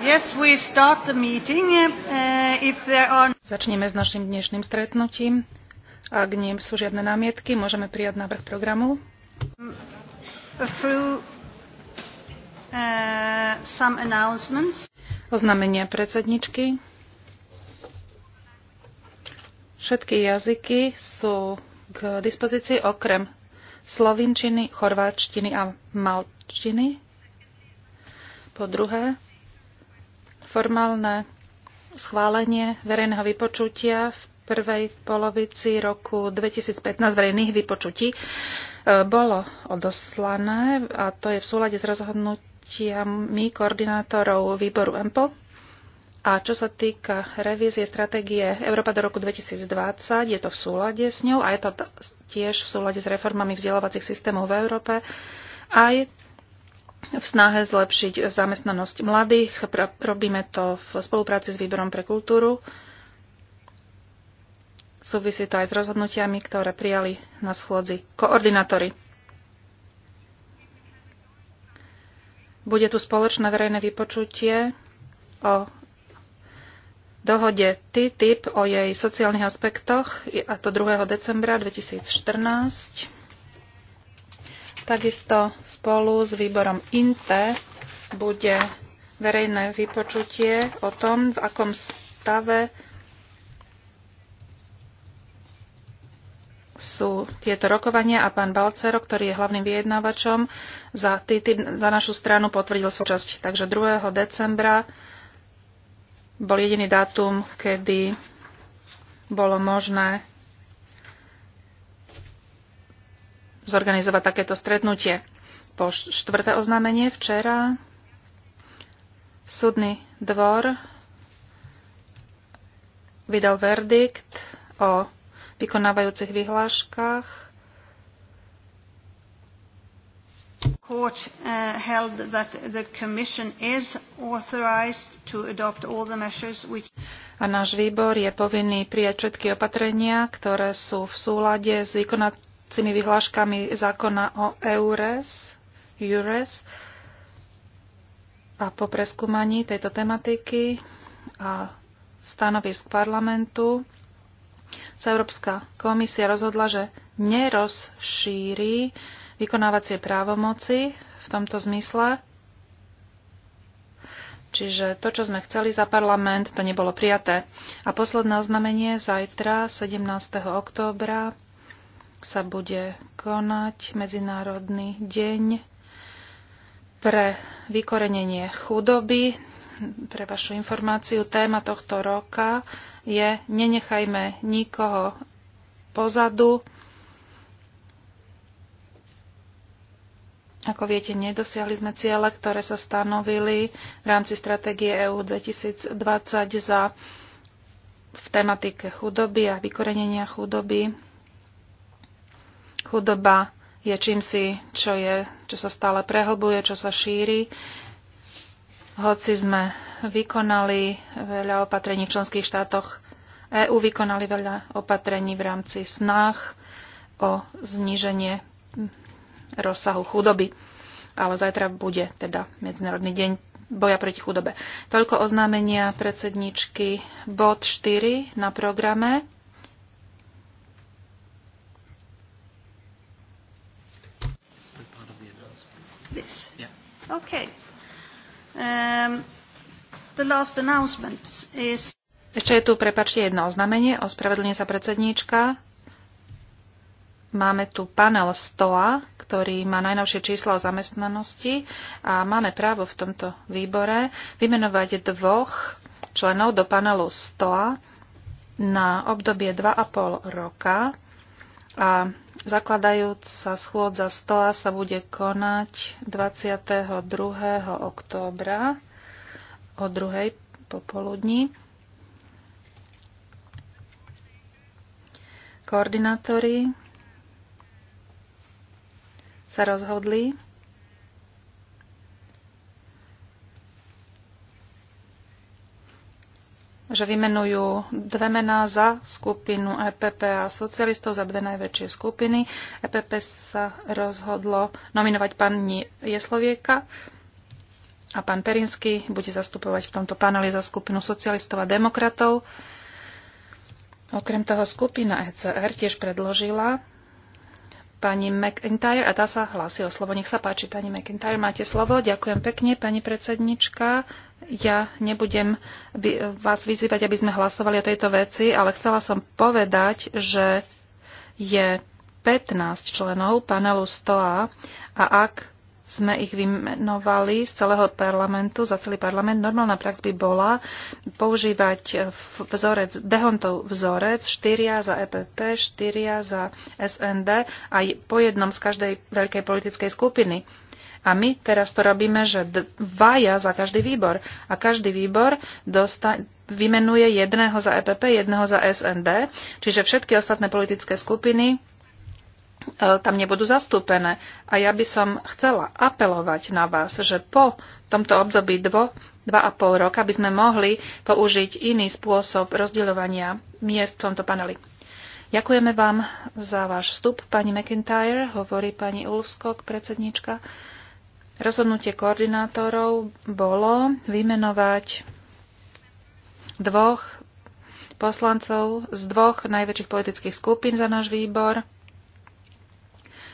Eh, eh, no- Začneme s našim dnešným stretnutím. Ak nie sú žiadne námietky, môžeme prijať návrh programu. Eh, Oznamenia predsedničky. Všetky jazyky sú k dispozícii okrem slovinčiny, chorváčtiny a malčiny. Po druhé, formálne schválenie verejného vypočutia v prvej polovici roku 2015 verejných vypočutí e, bolo odoslané a to je v súlade s rozhodnutiami koordinátorov výboru EMPL. A čo sa týka revízie stratégie Európa do roku 2020, je to v súlade s ňou a je to tiež v súlade s reformami vzdelávacích systémov v Európe. Aj v snahe zlepšiť zamestnanosť mladých. Robíme to v spolupráci s Výborom pre kultúru. Súvisí to aj s rozhodnutiami, ktoré prijali na schôdzi koordinátory. Bude tu spoločné verejné vypočutie o dohode TTIP o jej sociálnych aspektoch a to 2. decembra 2014. Takisto spolu s výborom INTE bude verejné vypočutie o tom, v akom stave sú tieto rokovania a pán Balcero, ktorý je hlavným vyjednávačom za, TTIP, za našu stranu, potvrdil svoju časť. Takže 2. decembra bol jediný dátum, kedy bolo možné zorganizovať takéto stretnutie. Po štvrté oznámenie včera súdny dvor vydal verdikt o vykonávajúcich vyhláškach. Court uh, held that the Commission is authorized to adopt all the measures which... A náš výbor je povinný prijať všetky opatrenia, ktoré sú v súlade s vykonávajúcimi budúcimi vyhláškami zákona o EURES, EURES a po preskúmaní tejto tematiky a stanovisk parlamentu sa Európska komisia rozhodla, že nerozšíri vykonávacie právomoci v tomto zmysle. Čiže to, čo sme chceli za parlament, to nebolo prijaté. A posledné oznamenie zajtra, 17. októbra, sa bude konať Medzinárodný deň pre vykorenenie chudoby. Pre vašu informáciu, téma tohto roka je Nenechajme nikoho pozadu. Ako viete, nedosiahli sme ciele, ktoré sa stanovili v rámci stratégie EU 2020 za v tematike chudoby a vykorenenia chudoby Chudoba je čímsi, čo, je, čo sa stále prehlbuje, čo sa šíri. Hoci sme vykonali veľa opatrení v členských štátoch, EÚ vykonali veľa opatrení v rámci snách o zníženie rozsahu chudoby. Ale zajtra bude teda Medzinárodný deň boja proti chudobe. Toľko oznámenia predsedničky bod 4 na programe. this? Yeah. Okay. Um, the last announcement is... Ešte je tu, prepačte, jedno oznámenie. Ospravedlňuje sa predsedníčka. Máme tu panel STOA, ktorý má najnovšie čísla o zamestnanosti a máme právo v tomto výbore vymenovať dvoch členov do panelu STOA na obdobie 2,5 roka. A Zakladajúca schôdza stola sa bude konať 22. októbra o 2. popoludní. Koordinátori sa rozhodli, že vymenujú dve mená za skupinu EPP a socialistov, za dve najväčšie skupiny. EPP sa rozhodlo nominovať pani Jeslovieka a pán Perinsky bude zastupovať v tomto paneli za skupinu socialistov a demokratov. Okrem toho skupina ECR tiež predložila pani McIntyre a tá sa hlási o slovo. Nech sa páči, pani McIntyre, máte slovo. Ďakujem pekne, pani predsednička. Ja nebudem vás vyzývať, aby sme hlasovali o tejto veci, ale chcela som povedať, že je 15 členov panelu STOA a ak sme ich vymenovali z celého parlamentu, za celý parlament. Normálna prax by bola používať vzorec, Dehontov vzorec, štyria za EPP, štyria za SND a po jednom z každej veľkej politickej skupiny. A my teraz to robíme, že dvaja za každý výbor. A každý výbor dosta- vymenuje jedného za EPP, jedného za SND, čiže všetky ostatné politické skupiny E, tam nebudú zastúpené. A ja by som chcela apelovať na vás, že po tomto období dvo, dva a pol roka by sme mohli použiť iný spôsob rozdeľovania miest v tomto paneli. Ďakujeme vám za váš vstup, pani McIntyre, hovorí pani Ulfskok, predsednička. Rozhodnutie koordinátorov bolo vymenovať dvoch poslancov z dvoch najväčších politických skupín za náš výbor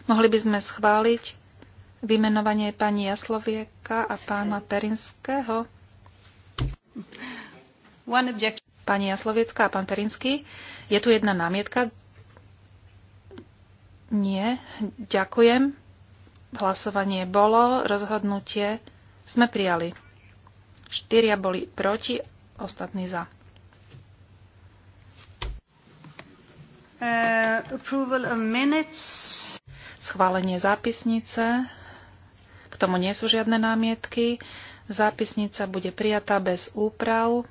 Mohli by sme schváliť vymenovanie pani Jaslovieka a pána Perinského? Pani Jaslovecká a pán Perinský, je tu jedna námietka? Nie, ďakujem. Hlasovanie bolo, rozhodnutie sme prijali. Štyria boli proti, ostatní za. Uh, approval of minutes schválenie zápisnice. K tomu nie sú žiadne námietky. Zápisnica bude prijatá bez úprav.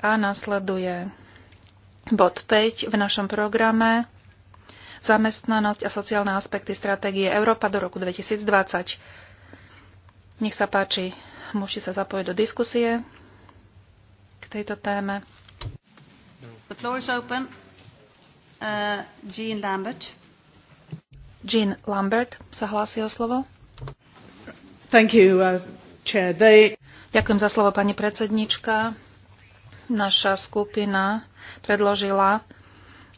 A nasleduje bod 5 v našom programe zamestnanosť a sociálne aspekty stratégie Európa do roku 2020. Nech sa páči, môžete sa zapojiť do diskusie k tejto téme. The floor is open. Uh, Jean Lambert. Jean Lambert sa hlási o slovo. Thank you, uh, chair. They... Ďakujem za slovo, pani predsednička. Naša skupina predložila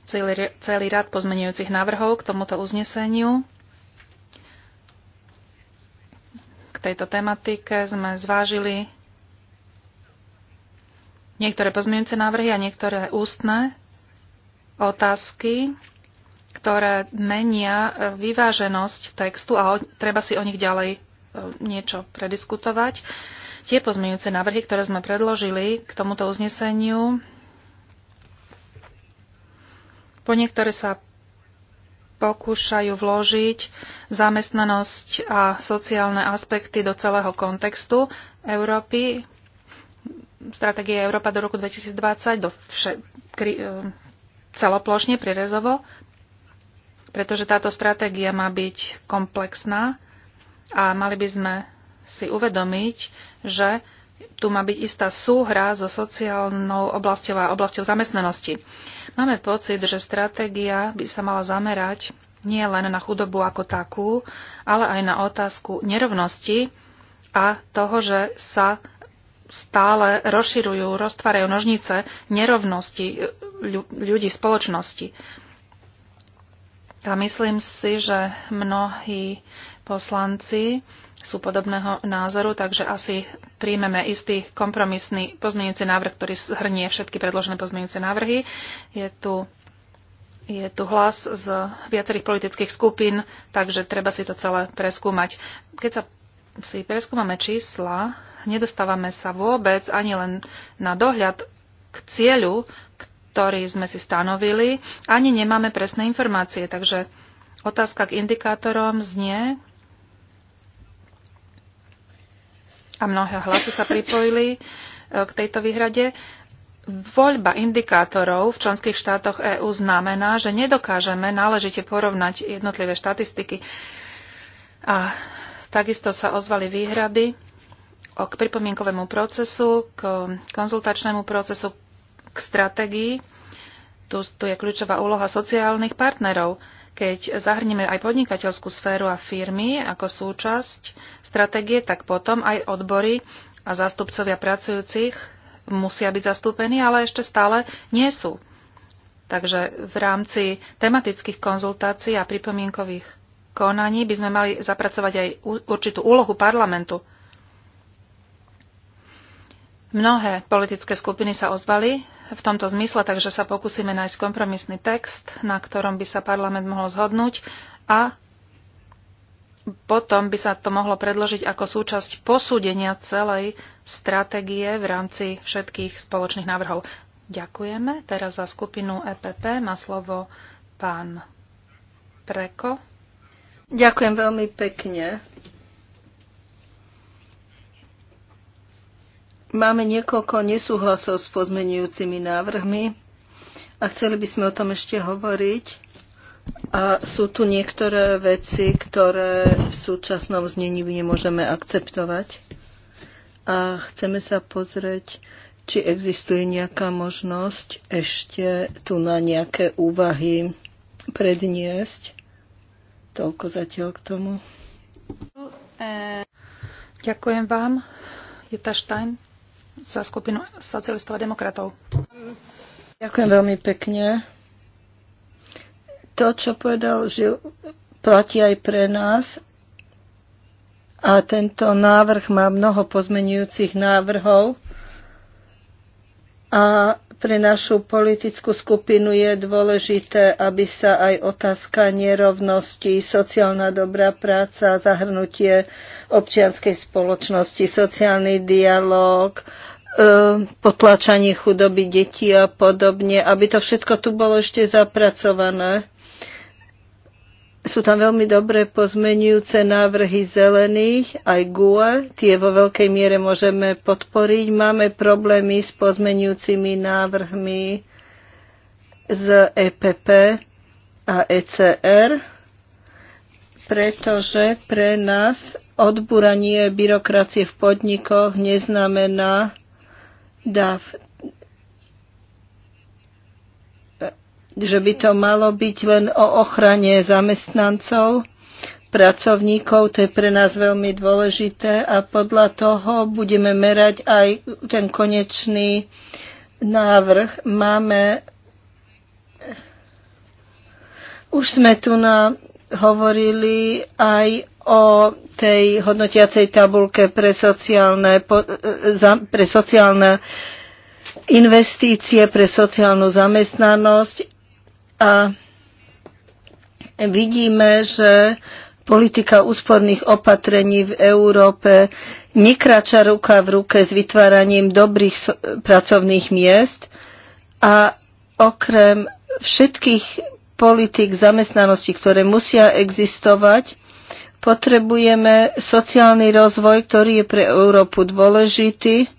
celý, celý rad pozmenujúcich návrhov k tomuto uzneseniu. K tejto tematike sme zvážili niektoré pozmenujúce návrhy a niektoré ústne otázky ktoré menia e, vyváženosť textu a treba si o nich ďalej e, niečo prediskutovať. Tie pozmeňujúce návrhy, ktoré sme predložili k tomuto uzneseniu, po niektoré sa pokúšajú vložiť zamestnanosť a sociálne aspekty do celého kontextu Európy, stratégie Európa do roku 2020, do vše, kri, e, celoplošne, prirezovo, pretože táto stratégia má byť komplexná a mali by sme si uvedomiť, že tu má byť istá súhra so sociálnou oblasťou a oblasťou zamestnanosti. Máme pocit, že stratégia by sa mala zamerať nie len na chudobu ako takú, ale aj na otázku nerovnosti a toho, že sa stále rozširujú, roztvárajú nožnice nerovnosti ľudí v spoločnosti. A myslím si, že mnohí poslanci sú podobného názoru, takže asi príjmeme istý kompromisný pozmeňujúci návrh, ktorý zhrnie všetky predložené pozmeňujúce návrhy. Je tu, je tu hlas z viacerých politických skupín, takže treba si to celé preskúmať. Keď sa si preskúmame čísla, nedostávame sa vôbec ani len na dohľad k cieľu, ktorý sme si stanovili, ani nemáme presné informácie. Takže otázka k indikátorom znie, a mnohé hlasy sa pripojili e, k tejto výhrade, Voľba indikátorov v členských štátoch EÚ znamená, že nedokážeme náležite porovnať jednotlivé štatistiky. A takisto sa ozvali výhrady k pripomienkovému procesu, k konzultačnému procesu, k stratégii, tu, tu je kľúčová úloha sociálnych partnerov. Keď zahrnieme aj podnikateľskú sféru a firmy ako súčasť stratégie, tak potom aj odbory a zástupcovia pracujúcich musia byť zastúpení, ale ešte stále nie sú. Takže v rámci tematických konzultácií a pripomienkových konaní by sme mali zapracovať aj určitú úlohu parlamentu. Mnohé politické skupiny sa ozvali v tomto zmysle, takže sa pokúsime nájsť kompromisný text, na ktorom by sa parlament mohol zhodnúť a potom by sa to mohlo predložiť ako súčasť posúdenia celej stratégie v rámci všetkých spoločných návrhov. Ďakujeme. Teraz za skupinu EPP má slovo pán Preko. Ďakujem veľmi pekne. Máme niekoľko nesúhlasov s pozmenujúcimi návrhmi a chceli by sme o tom ešte hovoriť. A sú tu niektoré veci, ktoré v súčasnom znení nemôžeme akceptovať. A chceme sa pozrieť, či existuje nejaká možnosť ešte tu na nejaké úvahy predniesť. Toľko zatiaľ k tomu. Ďakujem vám, Jutta Stein za skupinu socialistov a demokratov. Ďakujem veľmi pekne. To, čo povedal, že platí aj pre nás. A tento návrh má mnoho pozmenujúcich návrhov. A pre našu politickú skupinu je dôležité, aby sa aj otázka nerovnosti, sociálna dobrá práca, zahrnutie občianskej spoločnosti, sociálny dialog, e, potláčanie chudoby detí a podobne, aby to všetko tu bolo ešte zapracované. Sú tam veľmi dobre pozmenujúce návrhy zelených, aj GUE, tie vo veľkej miere môžeme podporiť. Máme problémy s pozmenujúcimi návrhmi z EPP a ECR, pretože pre nás odburanie byrokracie v podnikoch neznamená DAF že by to malo byť len o ochrane zamestnancov, pracovníkov, to je pre nás veľmi dôležité a podľa toho budeme merať aj ten konečný návrh. Máme, už sme tu na, hovorili aj o tej hodnotiacej tabulke pre sociálne, e, pre sociálne investície pre sociálnu zamestnanosť a vidíme, že politika úsporných opatrení v Európe nekrača ruka v ruke s vytváraním dobrých so- pracovných miest a okrem všetkých politik zamestnanosti, ktoré musia existovať, potrebujeme sociálny rozvoj, ktorý je pre Európu dôležitý,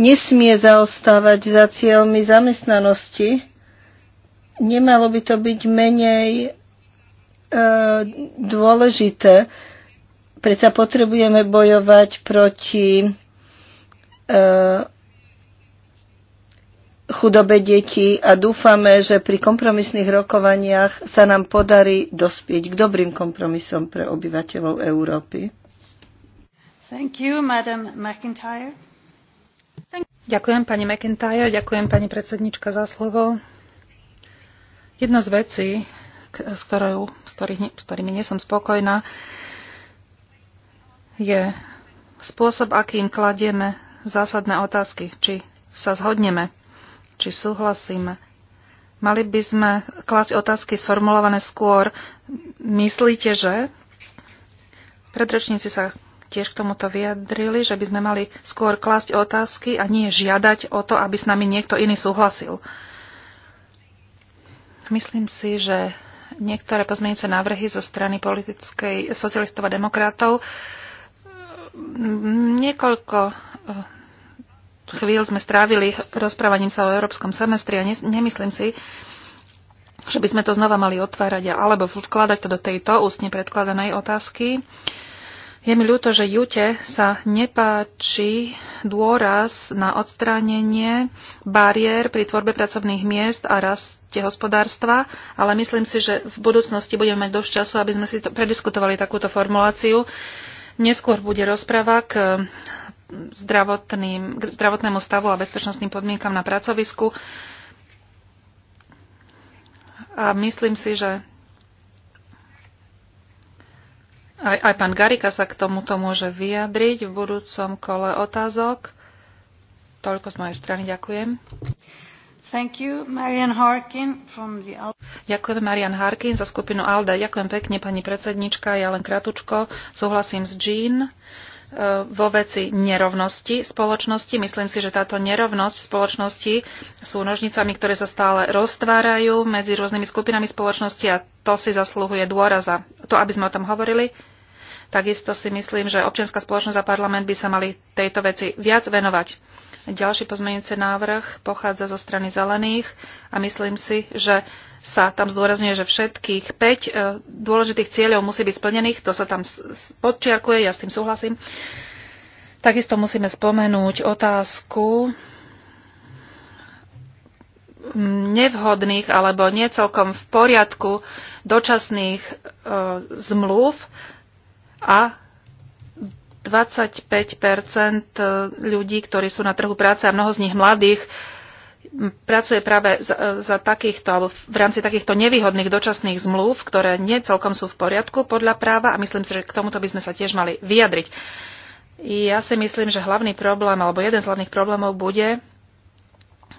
nesmie zaostávať za cieľmi zamestnanosti Nemalo by to byť menej e, dôležité. Predsa potrebujeme bojovať proti e, chudobe detí a dúfame, že pri kompromisných rokovaniach sa nám podarí dospieť k dobrým kompromisom pre obyvateľov Európy. Thank you, Madam McIntyre. Thank- ďakujem pani McIntyre, ďakujem pani predsednička za slovo. Jedna z vecí, s, ktorou, s, ktorých, s ktorými nie som spokojná, je spôsob, akým kladieme zásadné otázky, či sa zhodneme, či súhlasíme. Mali by sme klásť otázky sformulované skôr. Myslíte, že? Predrečníci sa tiež k tomuto vyjadrili, že by sme mali skôr klásť otázky a nie žiadať o to, aby s nami niekto iný súhlasil. Uh, Myslím si, že niektoré pozmeňujúce návrhy zo strany politickej socialistov a demokratov niekoľko e, chvíľ sme strávili rozprávaním sa o európskom semestri a nemyslím si, že by sme to znova mali otvárať alebo vkladať to do tejto ústne predkladanej otázky. Je mi ľúto, že Jute sa nepáči dôraz na odstránenie bariér pri tvorbe pracovných miest a raste hospodárstva, ale myslím si, že v budúcnosti budeme mať dosť času, aby sme si to prediskutovali takúto formuláciu. Neskôr bude rozpráva k, zdravotným, k zdravotnému stavu a bezpečnostným podmienkam na pracovisku. A myslím si, že Aj, aj pán Garika sa k tomuto môže vyjadriť v budúcom kole otázok. Toľko z mojej strany. Ďakujem. Thank you, Marian Harkin from the Alda. Ďakujem Marian Harkin za skupinu Alda. Ďakujem pekne, pani predsednička. Ja len kratučko súhlasím s Jean eh, vo veci nerovnosti spoločnosti. Myslím si, že táto nerovnosť spoločnosti sú nožnicami, ktoré sa stále roztvárajú medzi rôznymi skupinami spoločnosti a to si zasluhuje dôraza. To, aby sme o tom hovorili, Takisto si myslím, že občianská spoločnosť a parlament by sa mali tejto veci viac venovať. Ďalší pozmeňujúci návrh pochádza zo strany zelených a myslím si, že sa tam zdôrazňuje, že všetkých 5 e, dôležitých cieľov musí byť splnených. To sa tam podčiarkuje, ja s tým súhlasím. Takisto musíme spomenúť otázku nevhodných alebo niecelkom v poriadku dočasných e, zmluv, a 25 e, ľudí, ktorí sú na trhu práce a mnoho z nich mladých, pracuje práve za, e, za takýchto, alebo v rámci takýchto nevýhodných dočasných zmluv, ktoré nie celkom sú v poriadku podľa práva a myslím si, že k tomuto by sme sa tiež mali vyjadriť. Ja si myslím, že hlavný problém, alebo jeden z hlavných problémov bude,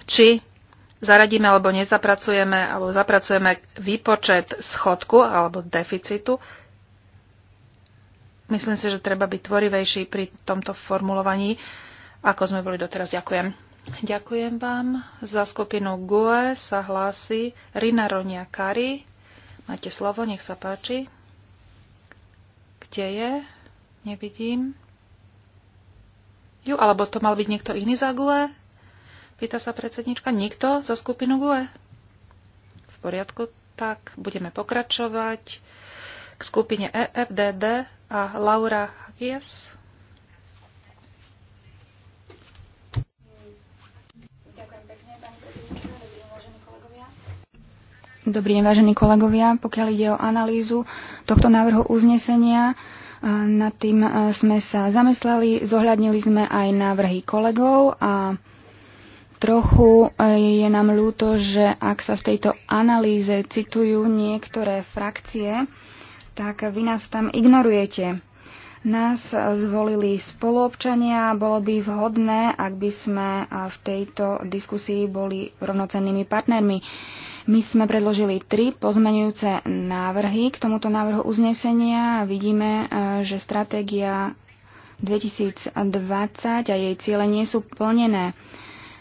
či zaradíme alebo nezapracujeme, alebo zapracujeme výpočet schodku alebo deficitu Myslím si, že treba byť tvorivejší pri tomto formulovaní, ako sme boli doteraz. Ďakujem. Ďakujem vám. Za skupinu GUE sa hlási Rina Ronia Kari. Máte slovo, nech sa páči. Kde je? Nevidím. Ju, alebo to mal byť niekto iný za GUE? Pýta sa predsednička. Nikto za skupinu GUE? V poriadku, tak budeme pokračovať k skupine EFDD a Laura Hies. Dobrý deň, vážení kolegovia. Pokiaľ ide o analýzu tohto návrhu uznesenia, nad tým sme sa zamysleli, zohľadnili sme aj návrhy kolegov a trochu e, je nám ľúto, že ak sa v tejto analýze citujú niektoré frakcie, tak vy nás tam ignorujete. Nás zvolili spoluobčania, a bolo by vhodné, ak by sme v tejto diskusii boli rovnocennými partnermi. My sme predložili tri pozmenujúce návrhy k tomuto návrhu uznesenia. Vidíme, e, že stratégia 2020 a jej ciele nie sú plnené.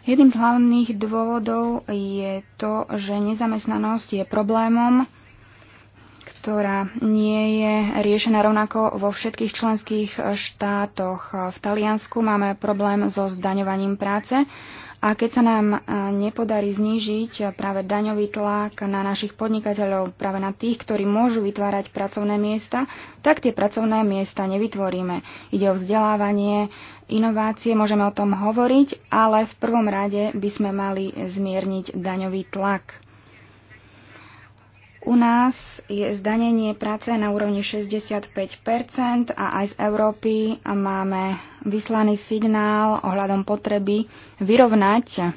Jedným z hlavných dôvodov je to, že nezamestnanosť je problémom, ktorá nie je riešená rovnako vo všetkých členských štátoch. V Taliansku máme problém so zdaňovaním práce a keď sa nám nepodarí znížiť práve daňový tlak na našich podnikateľov, práve na tých, ktorí môžu vytvárať pracovné miesta, tak tie pracovné miesta nevytvoríme. Ide o vzdelávanie, inovácie, môžeme o tom hovoriť, ale v prvom rade by sme mali zmierniť daňový tlak. U nás je zdanenie práce na úrovni 65 a aj z Európy máme vyslaný signál ohľadom potreby vyrovnať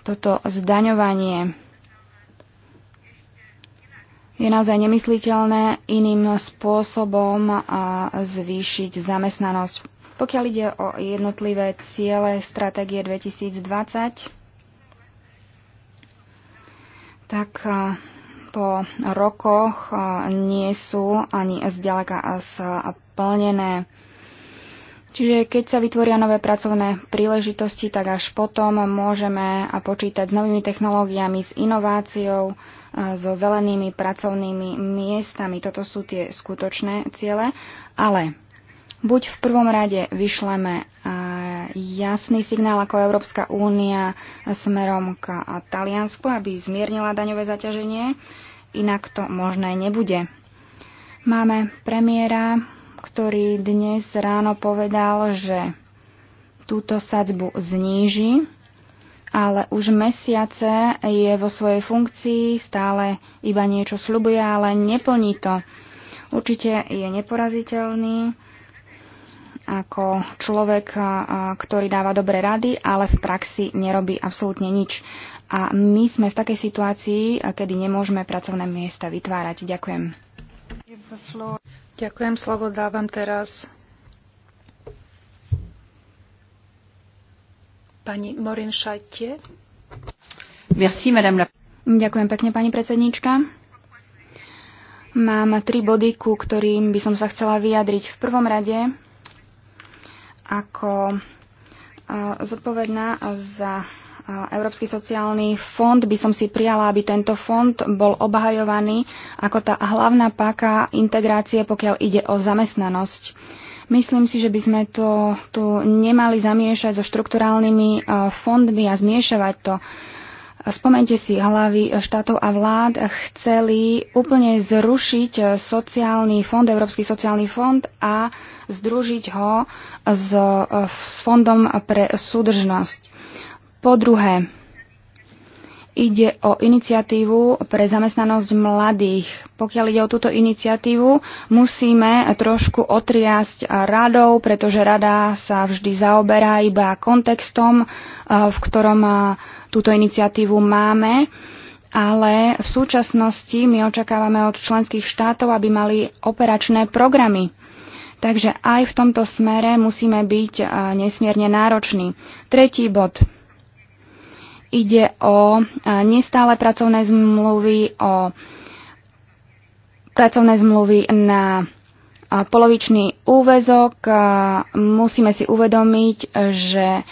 toto zdaňovanie. Je naozaj nemysliteľné iným spôsobom zvýšiť zamestnanosť. Pokiaľ ide o jednotlivé ciele stratégie 2020, tak po rokoch nie sú ani zďaleka splnené. Čiže keď sa vytvoria nové pracovné príležitosti, tak až potom môžeme počítať s novými technológiami, s inováciou, so zelenými pracovnými miestami. Toto sú tie skutočné ciele, ale Buď v prvom rade vyšleme eh, jasný signál ako Európska únia smerom k Taliansku, aby zmiernila daňové zaťaženie, inak to možné nebude. Máme premiéra, ktorý dnes ráno povedal, že túto sadzbu zníži, ale už mesiace je vo svojej funkcii, stále iba niečo slubuje, ale neplní to. Určite je neporaziteľný ako človek, ktorý dáva dobré rady, ale v praxi nerobí absolútne nič. A my sme v takej situácii, kedy nemôžeme pracovné miesta vytvárať. Ďakujem. Ďakujem, slovo dávam teraz pani Morin Šajte. Merci, madame la... Ďakujem pekne, pani predsedníčka. Mám tri body, ku ktorým by som sa chcela vyjadriť. V prvom rade ako zodpovedná za Európsky sociálny fond by som si prijala, aby tento fond bol obhajovaný ako tá hlavná páka integrácie, pokiaľ ide o zamestnanosť. Myslím si, že by sme to tu nemali zamiešať so štrukturálnymi fondmi a zmiešavať to. Spomente si, hlavy štátov a vlád chceli úplne zrušiť sociálny fond, Európsky sociálny fond a združiť ho s, s fondom pre súdržnosť. Po druhé, Ide o iniciatívu pre zamestnanosť mladých. Pokiaľ ide o túto iniciatívu, musíme trošku otriasť radou, pretože rada sa vždy zaoberá iba kontextom, eh, v ktorom eh, túto iniciatívu máme. Ale v súčasnosti my očakávame od členských štátov, aby mali operačné programy. Takže aj v tomto smere musíme byť eh, nesmierne nároční. Tretí bod ide o e, nestále pracovné zmluvy, o pracovné zmluvy na e, polovičný úvezok. E, musíme si uvedomiť, že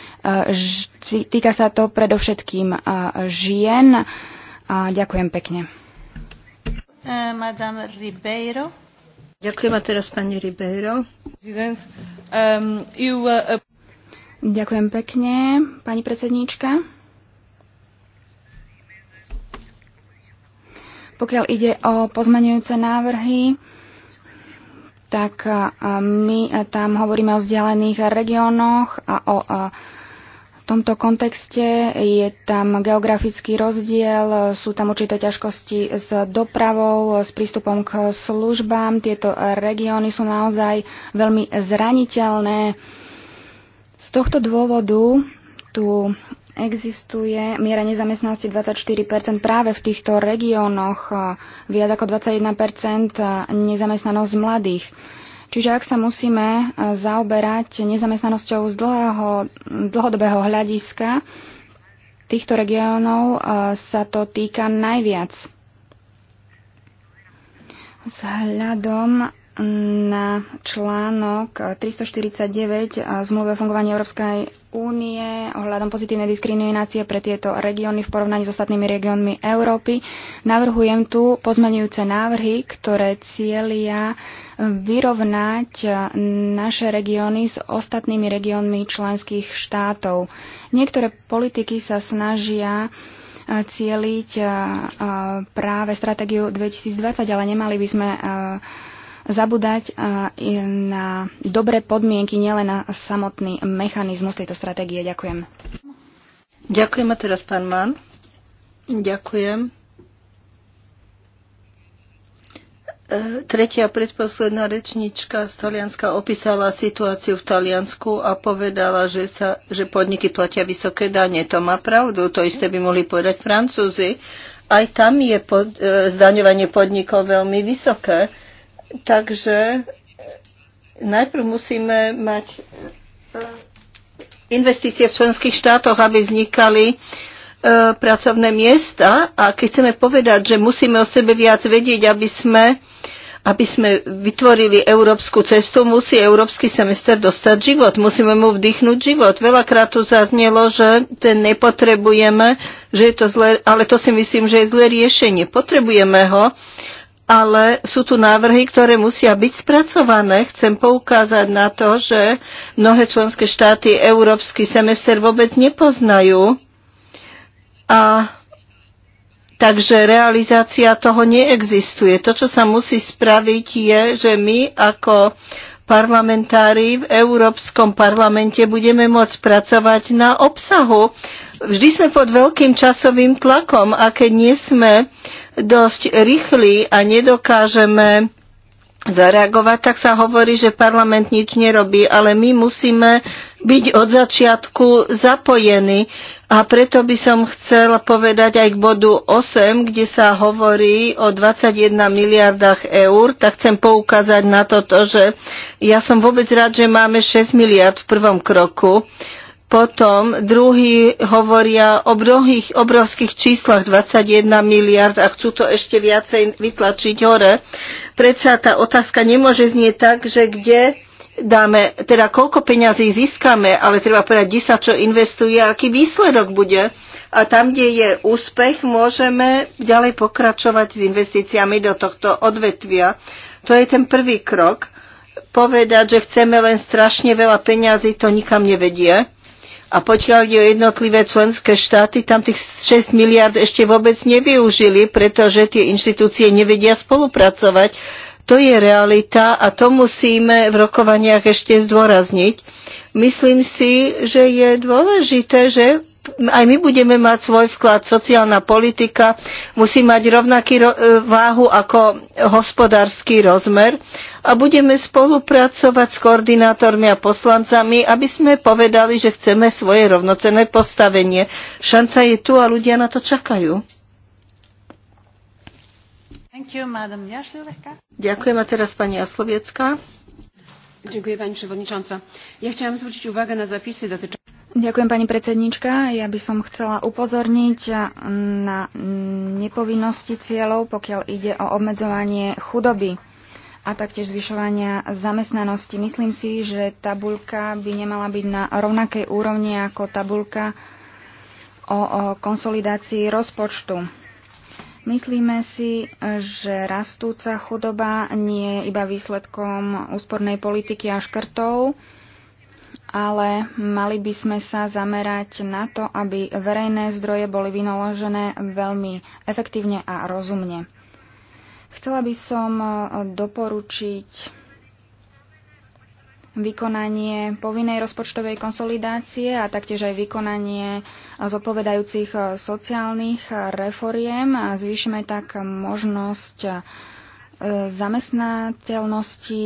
týka sa to predovšetkým žien. Ďakujem pekne. Madame Ribeiro. Ďakujem a teraz pani Ribeiro. Ďakujem pekne, pani predsedníčka. Pokiaľ ide o pozmenujúce návrhy, tak my tam hovoríme o vzdialených regiónoch a o v tomto kontexte je tam geografický rozdiel, sú tam určité ťažkosti s dopravou, s prístupom k službám. Tieto regióny sú naozaj veľmi zraniteľné. Z tohto dôvodu tu Existuje miera nezamestnanosti 24% práve v týchto regiónoch, e, viac ako 21% e, nezamestnanosť mladých. Čiže ak sa musíme e, zaoberať nezamestnanosťou z dlhého, dlhodobého hľadiska, týchto regiónov sa to týka najviac. Vzhľadom na článok 349 zmluvy o fungovaní Európskej únie ohľadom pozitívnej diskriminácie pre tieto regióny v porovnaní s ostatnými regiónmi Európy. Navrhujem tu pozmenujúce návrhy, ktoré cieľia vyrovnať naše regióny s ostatnými regiónmi členských štátov. Niektoré politiky sa snažia cieliť práve stratégiu 2020, ale nemali by sme zabúdať na dobré podmienky, nielen na samotný mechanizmus tejto stratégie. Ďakujem. Ďakujem a teraz pán Mann. Ďakujem. E, tretia predposledná rečnička z Talianska opísala situáciu v Taliansku a povedala, že, sa, že podniky platia vysoké dane. To má pravdu, to isté by mohli povedať Francúzi. Aj tam je pod, e, zdaňovanie podnikov veľmi vysoké. Takže eh, najprv musíme mať eh, investície v členských štátoch, aby vznikali eh, pracovné miesta a keď chceme povedať, že musíme o sebe viac vedieť, aby sme, aby sme vytvorili európsku cestu, musí európsky semester dostať život, musíme mu vdychnúť život. Veľakrát tu zaznelo, že ten nepotrebujeme, že je to zlé, ale to si myslím, že je zlé riešenie. Potrebujeme ho, ale sú tu návrhy, ktoré musia byť spracované. Chcem poukázať na to, že mnohé členské štáty európsky semester vôbec nepoznajú. A takže realizácia toho neexistuje. To, čo sa musí spraviť, je, že my ako parlamentári v Európskom parlamente budeme môcť pracovať na obsahu. Vždy sme pod veľkým časovým tlakom a keď nie sme uh, dosť rýchli a nedokážeme zareagovať, tak sa hovorí, že parlament nič nerobí, ale my musíme byť od začiatku zapojení. A preto by som chcela povedať aj k bodu 8, kde sa hovorí o 21 miliardách eur, tak chcem poukázať na toto, že ja som vôbec rád, že máme 6 miliard v prvom kroku, potom druhý hovoria o mnohých obrovských číslach 21 miliard a chcú to ešte viacej vytlačiť hore. Predsa tá otázka nemôže znieť tak, že kde dáme, teda koľko peňazí získame, ale treba povedať, kde sa čo investuje, aký výsledok bude. A tam, kde je úspech, môžeme ďalej pokračovať s investíciami do tohto odvetvia. To je ten prvý krok. Povedať, že chceme len strašne veľa peňazí, to nikam nevedie a pokiaľ ide o jednotlivé členské štáty, tam tých 6 miliard ešte vôbec nevyužili, pretože tie inštitúcie nevedia spolupracovať. To je realita a to musíme v rokovaniach ešte zdôrazniť. Myslím si, že je dôležité, že aj my budeme mať svoj vklad. Sociálna politika musí mať rovnaký ro- e, váhu ako hospodársky rozmer a budeme spolupracovať s koordinátormi a poslancami, aby sme povedali, že chceme svoje rovnocené postavenie. Šanca je tu a ľudia na to čakajú. You, Ďakujem a teraz pani Jasloviecka. Ďakujem Pani Ja chciałam zwrócić uwagę na zapisy dotyczące Ďakujem, pani predsednička. Ja by som chcela upozorniť na nepovinnosti cieľov, pokiaľ ide o obmedzovanie chudoby a taktiež zvyšovania zamestnanosti. Myslím si, že tabulka by nemala byť na rovnakej úrovni ako tabulka o, o konsolidácii rozpočtu. Myslíme si, že rastúca chudoba nie je iba výsledkom úspornej politiky a škrtov, ale mali by sme sa zamerať na to, aby verejné zdroje boli vynaložené veľmi efektívne a rozumne. Chcela by som e, doporučiť vykonanie povinnej rozpočtovej konsolidácie a taktiež aj vykonanie zodpovedajúcich e, sociálnych reforiem a zvýšime tak možnosť e, zamestnateľnosti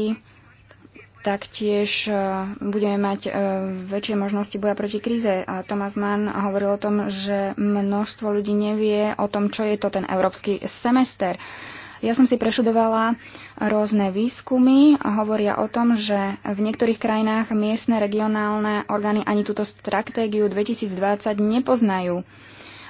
taktiež e, budeme mať e, väčšie možnosti boja proti kríze. A Thomas Mann hovoril o tom, že množstvo ľudí nevie o tom, čo je to ten európsky semester. Ja som si prešudovala rôzne výskumy a hovoria o tom, že v niektorých krajinách miestne regionálne orgány ani túto stratégiu 2020 nepoznajú.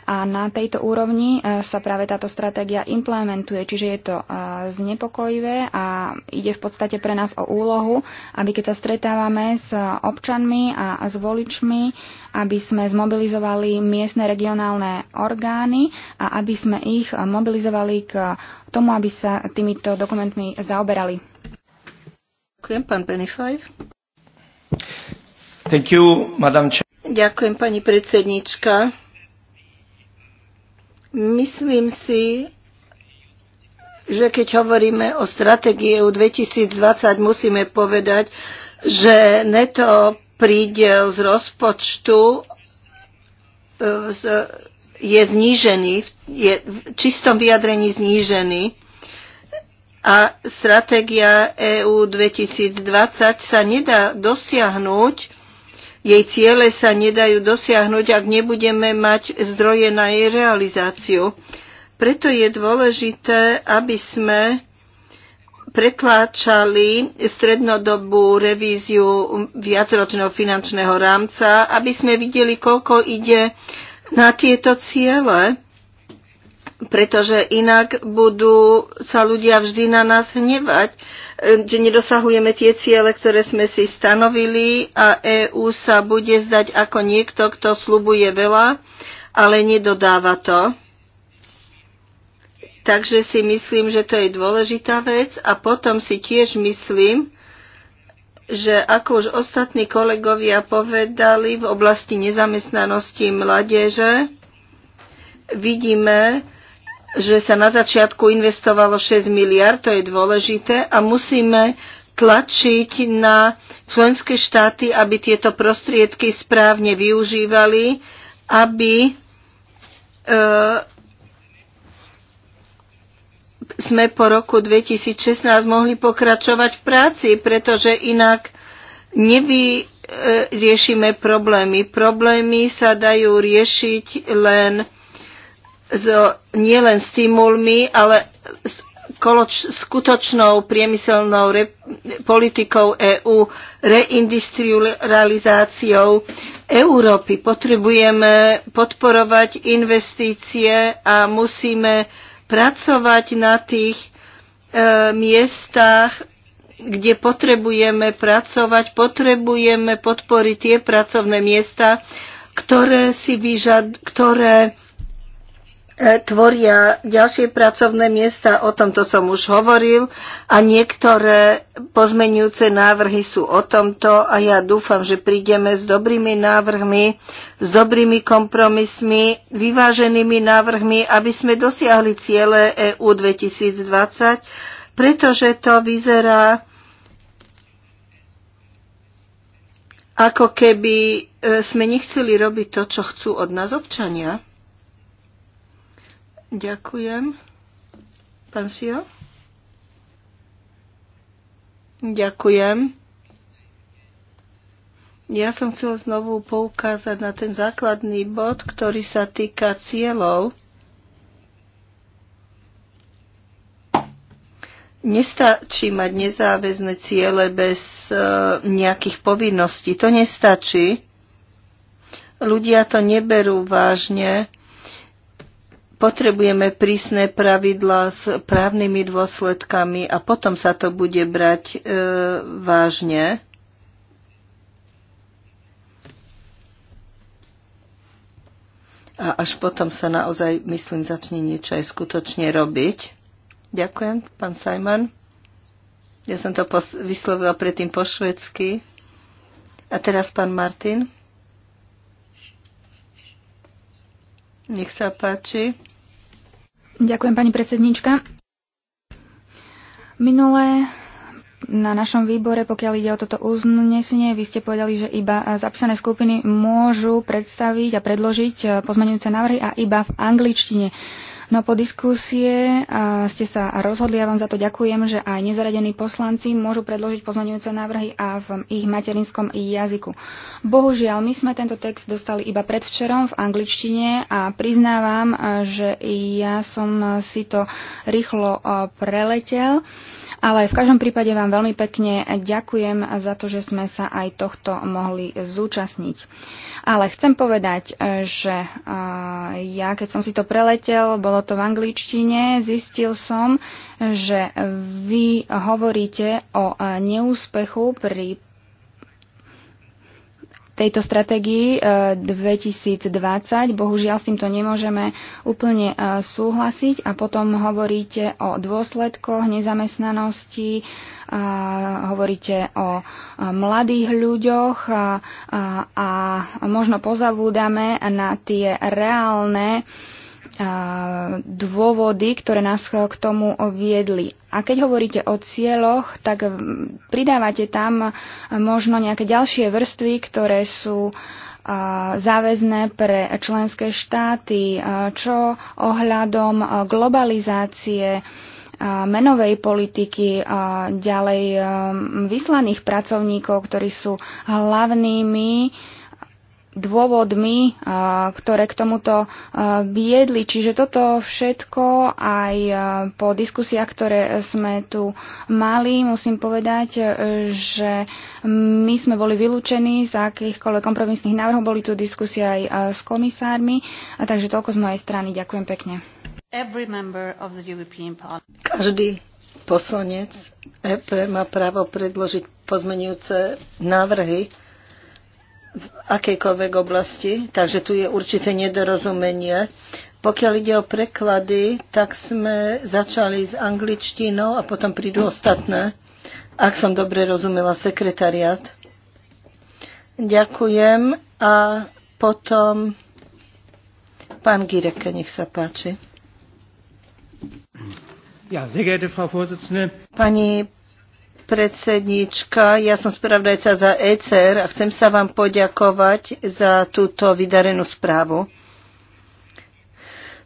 A na tejto úrovni e, sa práve táto stratégia implementuje, čiže je to e, znepokojivé a ide v podstate pre nás o úlohu, aby keď sa stretávame s občanmi a s voličmi, aby sme zmobilizovali miestne regionálne orgány a aby sme ich mobilizovali k tomu, aby sa týmito dokumentmi zaoberali. Ďakujem, pán Thank you, madam. Ďakujem, pani predsednička. Myslím si, že keď hovoríme o stratégii EU 2020, musíme povedať, že neto prídel z rozpočtu e, je znížený, je v čistom vyjadrení znížený a stratégia EU 2020 sa nedá dosiahnuť jej ciele sa nedajú dosiahnuť, ak nebudeme mať zdroje na jej realizáciu. Preto je dôležité, aby sme pretláčali strednodobú revíziu viacročného finančného rámca, aby sme videli, koľko ide na tieto ciele pretože inak budú sa ľudia vždy na nás hnevať, e, že nedosahujeme tie ciele, ktoré sme si stanovili a EÚ sa bude zdať ako niekto, kto slubuje veľa, ale nedodáva to. Takže si myslím, že to je dôležitá vec a potom si tiež myslím, že ako už ostatní kolegovia povedali v oblasti nezamestnanosti mládeže, vidíme, že sa na začiatku investovalo 6 miliard, to je dôležité a musíme tlačiť na členské štáty, aby tieto prostriedky správne využívali, aby e, sme po roku 2016 mohli pokračovať v práci, pretože inak nevyriešime problémy. Problémy sa dajú riešiť len s nielen stimulmi, ale s koloč, skutočnou priemyselnou re, politikou EÚ, reindustrializáciou Európy. Potrebujeme podporovať investície a musíme pracovať na tých e, miestach, kde potrebujeme pracovať, potrebujeme podporiť tie pracovné miesta, ktoré si vyžad, ktoré E, tvoria ďalšie pracovné miesta, o tomto som už hovoril a niektoré pozmenujúce návrhy sú o tomto a ja dúfam, že prídeme s dobrými návrhmi, s dobrými kompromismi, vyváženými návrhmi, aby sme dosiahli ciele EU 2020, pretože to vyzerá ako keby e, sme nechceli robiť to, čo chcú od nás občania. Ďakujem. Pán Sio? Ďakujem. Ja som chcel znovu poukázať na ten základný bod, ktorý sa týka cieľov. Nestačí mať nezáväzne ciele bez e, nejakých povinností. To nestačí. Ľudia to neberú vážne Potrebujeme prísne pravidlá s právnymi dôsledkami a potom sa to bude brať e, vážne. A až potom sa naozaj, myslím, začne niečo aj skutočne robiť. Ďakujem, pán Simon. Ja som to vyslovila predtým po švedsky. A teraz pán Martin. Nech sa páči. Ďakujem, pani predsednička. Minulé na našom výbore, pokiaľ ide o toto uznesenie, vy ste povedali, že iba zapísané skupiny môžu predstaviť a predložiť eh, pozmenujúce návrhy a iba v angličtine. Uh, No po diskusie ste sa rozhodli, ja vám za to ďakujem, že aj nezaradení poslanci môžu predložiť pozmeňujúce návrhy a v ich materinskom jazyku. Bohužiaľ, my sme tento text dostali iba predvčerom v angličtine a priznávam, že ja som si to rýchlo preletel. Ale v každom prípade vám veľmi pekne ďakujem za to, že sme sa aj tohto mohli zúčastniť. Ale chcem povedať, e, že e, ja keď som si to preletel, bolo to v angličtine, zistil som, že vy hovoríte o e, neúspechu pri tejto stratégii 2020. E, Bohužiaľ s týmto nemôžeme úplne e, súhlasiť a potom hovoríte o dôsledkoch nezamestnanosti, e, hovoríte o mladých ľuďoch a, a možno pozavúdame na tie reálne dôvody, ktoré nás k tomu viedli. A keď hovoríte o cieľoch, tak pridávate tam možno nejaké ďalšie vrstvy, ktoré sú záväzné pre členské štáty, čo ohľadom globalizácie, menovej politiky, a ďalej vyslaných pracovníkov, ktorí sú hlavnými dôvodmi, ktoré k tomuto viedli. Čiže toto všetko aj po diskusiách, ktoré sme tu mali, musím povedať, e, že my sme boli vylúčení z akýchkoľvek kompromisných návrhov. Boli tu diskusie aj s komisármi, takže toľko z mojej strany. Ďakujem pekne. Každý poslanec EP má právo predložiť pozmenujúce návrhy v akejkoľvek oblasti, takže tu je určité nedorozumenie. Pokiaľ ide o preklady, tak sme začali s angličtinou a potom prídu ostatné, ak som dobre rozumela sekretariat. Ďakujem a potom pán Gireke, nech sa páči. Ja, sehr geehrte Frau Vorsitzende. Pani predsednička. Ja som spravodajca za ECR a chcem sa vám poďakovať za túto vydarenú správu.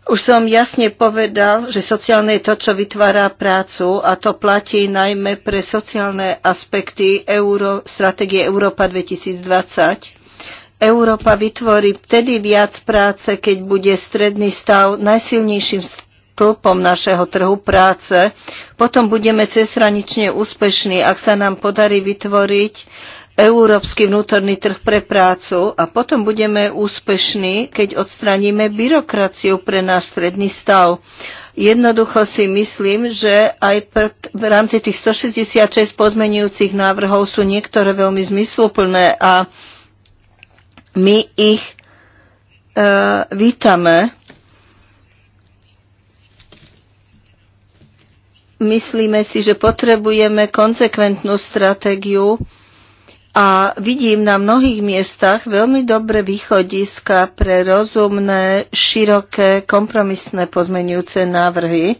Už som jasne povedal, že sociálne je to, čo vytvára prácu a to platí najmä pre sociálne aspekty Euro, stratégie Európa 2020. Európa vytvorí vtedy viac práce, keď bude stredný stav najsilnejším stĺpom našeho trhu práce. Potom budeme cezhranične úspešní, ak sa nám podarí vytvoriť európsky vnútorný trh pre prácu a potom budeme úspešní, keď odstraníme byrokraciu pre náš stredný stav. Jednoducho si myslím, že aj v rámci tých 166 pozmenujúcich návrhov sú niektoré veľmi zmysluplné a my ich e, vítame. myslíme si, že potrebujeme konsekventnú stratégiu a vidím na mnohých miestach veľmi dobré východiska pre rozumné, široké, kompromisné pozmenujúce návrhy.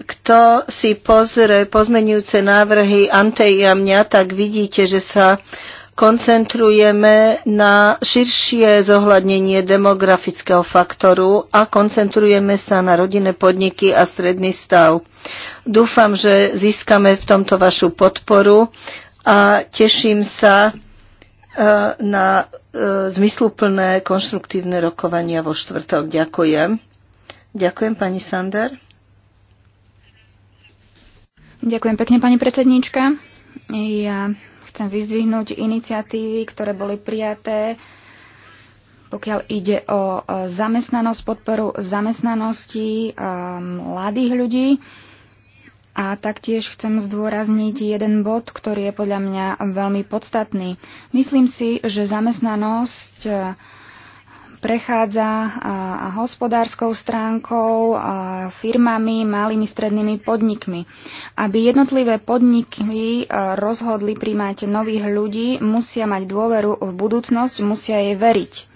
Kto si pozrie pozmenujúce návrhy Anteja mňa, tak vidíte, že sa koncentrujeme na širšie zohľadnenie demografického faktoru a koncentrujeme sa na rodinné podniky a stredný stav. Dúfam, že získame v tomto vašu podporu a teším sa e, na e, zmysluplné konštruktívne rokovania vo štvrtok. Ďakujem. Ďakujem, pani Sander. Ďakujem pekne, pani predsedníčka. Ja Chcem vyzdvihnúť iniciatívy, ktoré boli prijaté, pokiaľ ide o zamestnanosť, podporu zamestnanosti mladých ľudí. A taktiež chcem zdôrazniť jeden bod, ktorý je podľa mňa veľmi podstatný. Myslím si, že zamestnanosť prechádza a hospodárskou stránkou, a firmami, malými strednými podnikmi. Aby jednotlivé podniky e, rozhodli príjmať nových ľudí, musia mať dôveru v budúcnosť, musia jej veriť.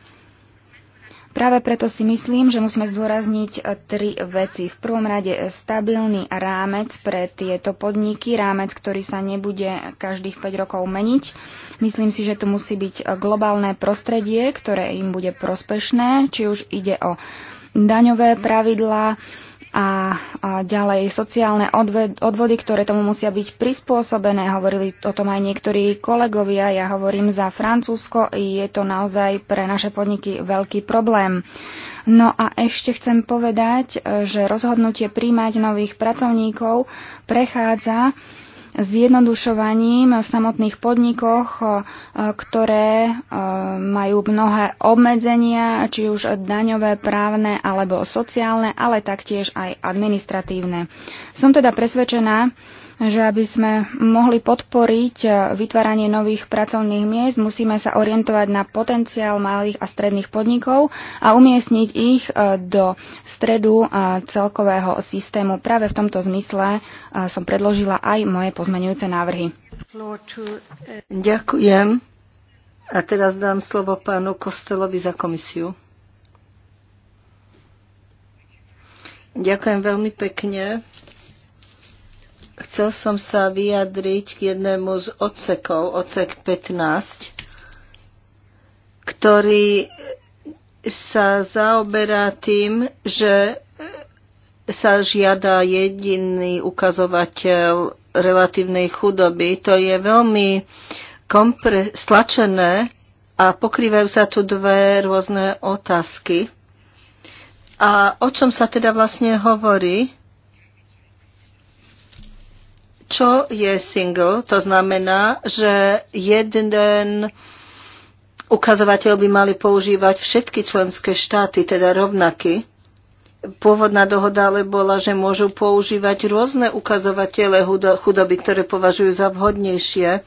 Práve preto si myslím, že musíme zdôrazniť eh, tri veci. V prvom rade eh, stabilný rámec pre tieto podniky, rámec, ktorý sa nebude každých 5 rokov meniť. Myslím si, že tu musí byť eh, globálne prostredie, ktoré im bude prospešné, či už ide o daňové pravidlá, a, a ďalej sociálne odved, odvody, ktoré tomu musia byť prispôsobené. Hovorili o tom aj niektorí kolegovia, ja hovorím za Francúzsko, je to naozaj pre naše podniky veľký problém. No a ešte chcem povedať, že rozhodnutie príjmať nových pracovníkov prechádza zjednodušovaním v samotných podnikoch, e, ktoré e, majú mnohé obmedzenia, či už daňové, právne alebo sociálne, ale taktiež aj administratívne. Som teda presvedčená, že aby sme mohli podporiť e, vytváranie nových pracovných miest, musíme sa orientovať na potenciál malých a stredných podnikov a umiestniť ich e, do stredu e, celkového systému. Práve v tomto zmysle som predložila aj moje pozmenujúce návrhy. Ďakujem. A teraz dám slovo pánu Kostelovi za komisiu. Ďakujem veľmi pekne. Chcel som sa vyjadriť k jednému z odsekov, odsek 15, ktorý sa zaoberá tým, že sa žiada jediný ukazovateľ relatívnej chudoby. To je veľmi kompre- stlačené a pokrývajú sa tu dve rôzne otázky. A o čom sa teda vlastne hovorí? Čo je single? To znamená, že jeden ukazovateľ by mali používať všetky členské štáty, teda rovnaky. Pôvodná dohoda ale bola, že môžu používať rôzne ukazovatele chudoby, ktoré považujú za vhodnejšie.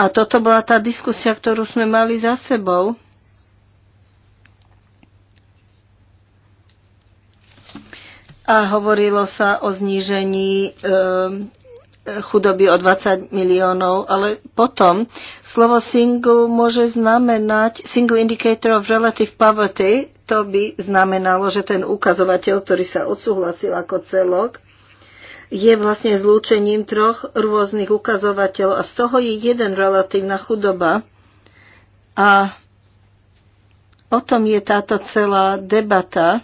A toto bola tá diskusia, ktorú sme mali za sebou. A hovorilo sa o znížení e, chudoby o 20 miliónov, ale potom slovo single môže znamenať single indicator of relative poverty, to by znamenalo, že ten ukazovateľ, ktorý sa odsúhlasil ako celok, je vlastne zlúčením troch rôznych ukazovateľov a z toho je jeden relatívna chudoba. A o tom je táto celá debata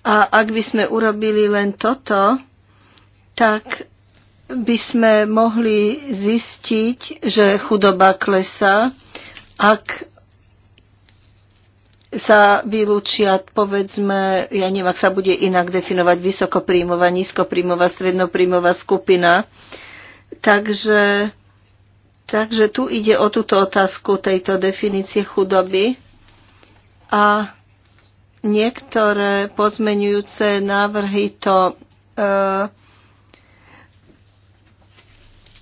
A ak by sme urobili len toto, tak by sme mohli zistiť, že chudoba klesá, ak sa vylúčia, povedzme, ja neviem, ak sa bude inak definovať vysokopríjmová, nízkopríjmová, strednopríjmová skupina. Takže, takže tu ide o túto otázku tejto definície chudoby. A Niektoré pozmenujúce návrhy to e,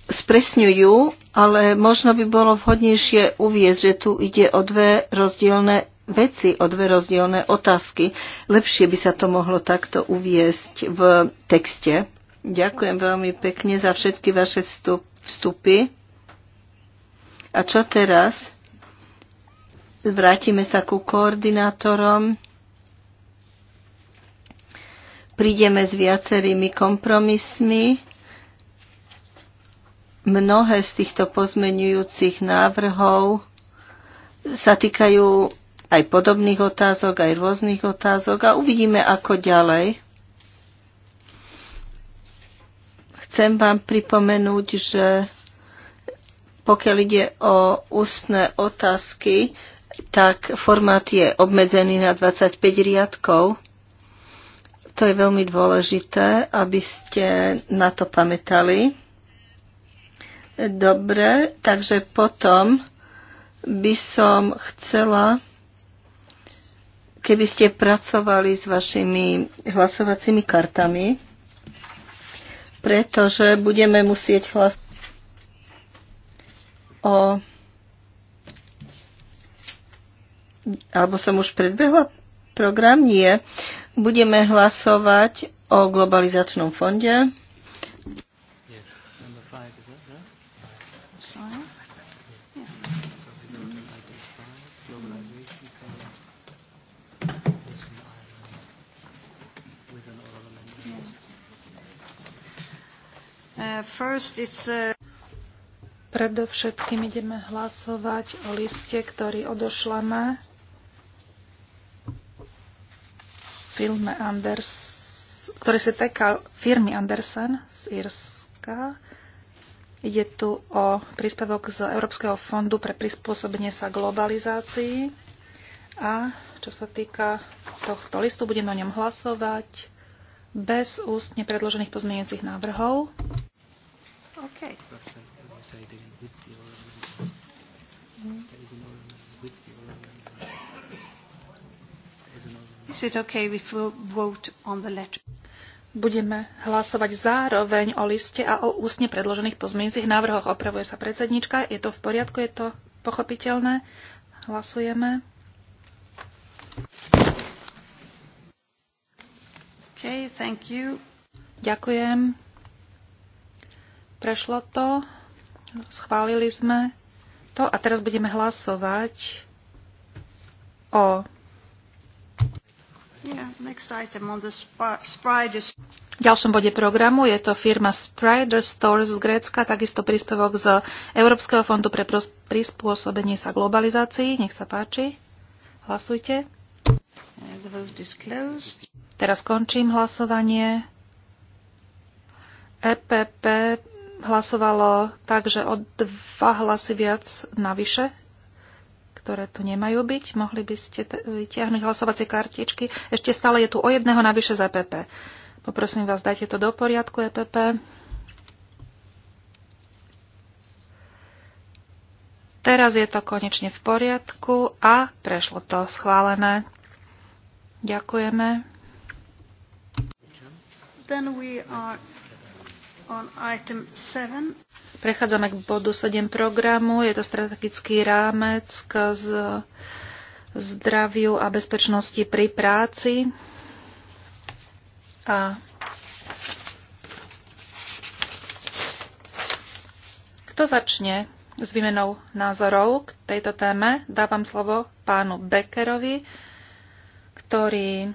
spresňujú, ale možno by bolo vhodnejšie uviezť, že tu ide o dve rozdielne veci, o dve rozdielne otázky. Lepšie by sa to mohlo takto uviezť v texte. Ďakujem veľmi pekne za všetky vaše vstupy. A čo teraz? Vrátime sa ku koordinátorom prídeme s viacerými kompromismi. Mnohé z týchto pozmenujúcich návrhov sa týkajú aj podobných otázok, aj rôznych otázok a uvidíme, ako ďalej. Chcem vám pripomenúť, že pokiaľ ide o ústne otázky, tak formát je obmedzený na 25 riadkov. To je veľmi dôležité, aby ste na to pamätali. Dobre, takže potom by som chcela, keby ste pracovali s vašimi hlasovacími kartami, pretože budeme musieť hlasovať o alebo som už predbehla program? Nie. Budeme hlasovať o globalizačnom fonde. Uh, Predovšetkým ideme hlasovať o liste, ktorý odošlame filme Anders, ktorý sa týka firmy Andersen z Irska. Ide tu o príspevok z Európskeho fondu pre prispôsobenie sa globalizácii. A čo sa týka tohto listu, budem o ňom hlasovať bez ústne predložených pozmeňujúcich návrhov. Okay. Mm. Is it okay if we vote on the letter? Budeme hlasovať zároveň o liste a o ústne predložených pozmeňujúcich návrhoch. Opravuje sa predsednička. Je to v poriadku? Je to pochopiteľné? Hlasujeme. Okay, thank you. Ďakujem. Prešlo to. Schválili sme to a teraz budeme hlasovať o v ďalšom bode programu je to firma Sprider Stores z Grécka, takisto príspevok z Európskeho fondu pre prispôsobenie sa globalizácii. Nech sa páči. Hlasujte. Teraz končím hlasovanie. EPP hlasovalo tak, že o dva hlasy viac navyše ktoré tu nemajú byť. Mohli by ste vytiahnuť hlasovacie kartičky. Ešte stále je tu o jedného navyše z EPP. Poprosím vás, dajte to do poriadku EPP. Teraz je to konečne v poriadku a prešlo to schválené. Ďakujeme. Then we are Prechádzame k bodu 7 programu. Je to strategický rámec k zdraviu a bezpečnosti pri práci. A kto začne s výmenou názorov k tejto téme? Dávam slovo pánu Beckerovi, ktorý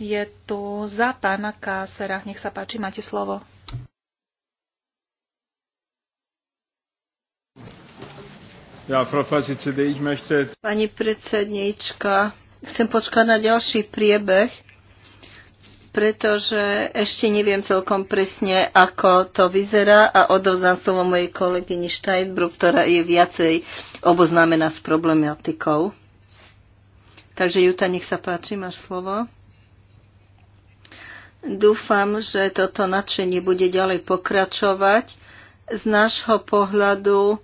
je tu za pána Kásera. Nech sa páči, máte slovo. Ja, Frau Vorsitzende, ich möchte... Pani predsedníčka, chcem počkať na ďalší priebeh, pretože ešte neviem celkom presne, ako to vyzerá a odovzdám slovo mojej kolegyni Steinbruck, ktorá je viacej oboznámená s problematikou. Takže Juta, nech sa páči, máš slovo. Dúfam, že toto nadšenie bude ďalej pokračovať. Z nášho pohľadu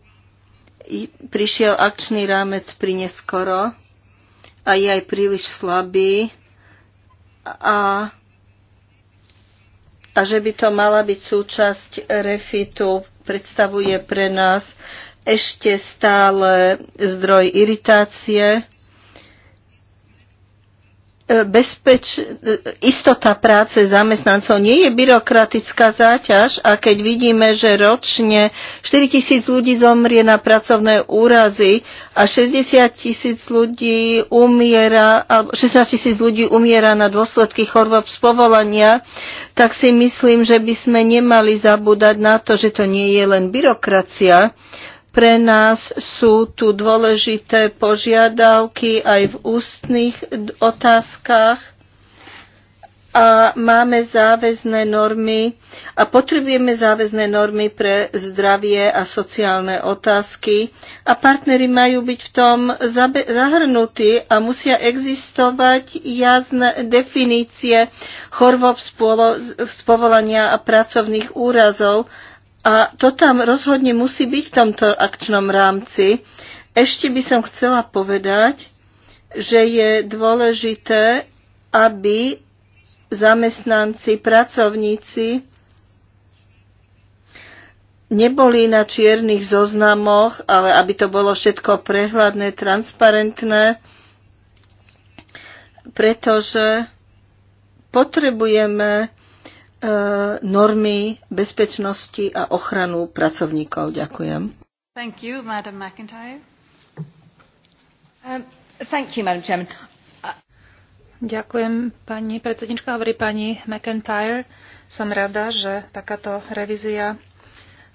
prišiel akčný rámec prineskoro a je aj príliš slabý a, a že by to mala byť súčasť refitu, predstavuje pre nás ešte stále zdroj iritácie bezpeč, istota práce zamestnancov nie je byrokratická záťaž a keď vidíme, že ročne 4 tisíc ľudí zomrie na pracovné úrazy a 60 tisíc ľudí umiera, alebo 16 tisíc ľudí umiera na dôsledky chorôb z povolania, tak si myslím, že by sme nemali zabúdať na to, že to nie je len byrokracia, pre nás sú tu dôležité požiadavky aj v ústnych otázkach a máme záväzné normy a potrebujeme záväzné normy pre zdravie a sociálne otázky a partnery majú byť v tom zahrnutí a musia existovať jasné definície chorôb z povolania a pracovných úrazov, a to tam rozhodne musí byť v tomto akčnom rámci. Ešte by som chcela povedať, že je dôležité, aby zamestnanci, pracovníci neboli na čiernych zoznamoch, ale aby to bolo všetko prehľadné, transparentné, pretože potrebujeme E, normy bezpečnosti a ochranu pracovníkov. Ďakujem. Thank you, Madam McIntyre. Um, thank you, Madam Chairman. Ďakujem, pani predsednička, hovorí pani McIntyre. Som rada, že takáto revízia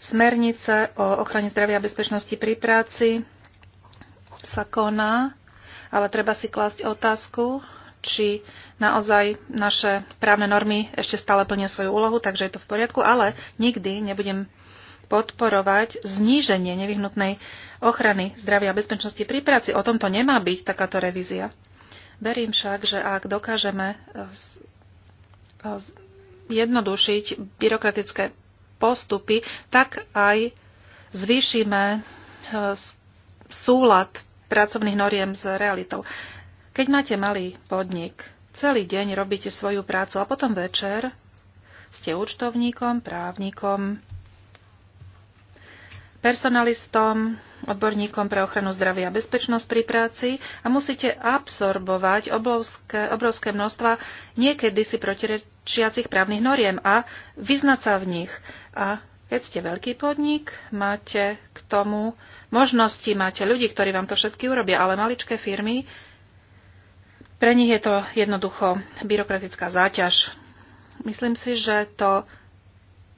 smernice o ochrane zdravia a bezpečnosti pri práci sa koná, ale treba si klásť otázku, či naozaj naše právne normy ešte stále plnia svoju úlohu, takže je to v poriadku, ale nikdy nebudem podporovať zníženie nevyhnutnej ochrany zdravia a bezpečnosti pri práci. O tomto nemá byť takáto revízia. Verím však, že ak dokážeme eh, eh, jednodušiť byrokratické postupy, tak aj zvýšime eh, súlad pracovných noriem s realitou. Keď máte malý podnik, Celý deň robíte svoju prácu a potom večer ste účtovníkom, právnikom, personalistom, odborníkom pre ochranu zdravia a bezpečnosť pri práci a musíte absorbovať obrovské, obrovské množstva niekedy si protirečiacich právnych noriem a vyznať sa v nich. A keď ste veľký podnik, máte k tomu možnosti, máte ľudí, ktorí vám to všetky urobia, ale maličké firmy pre nich je to jednoducho byrokratická záťaž. Myslím si, že to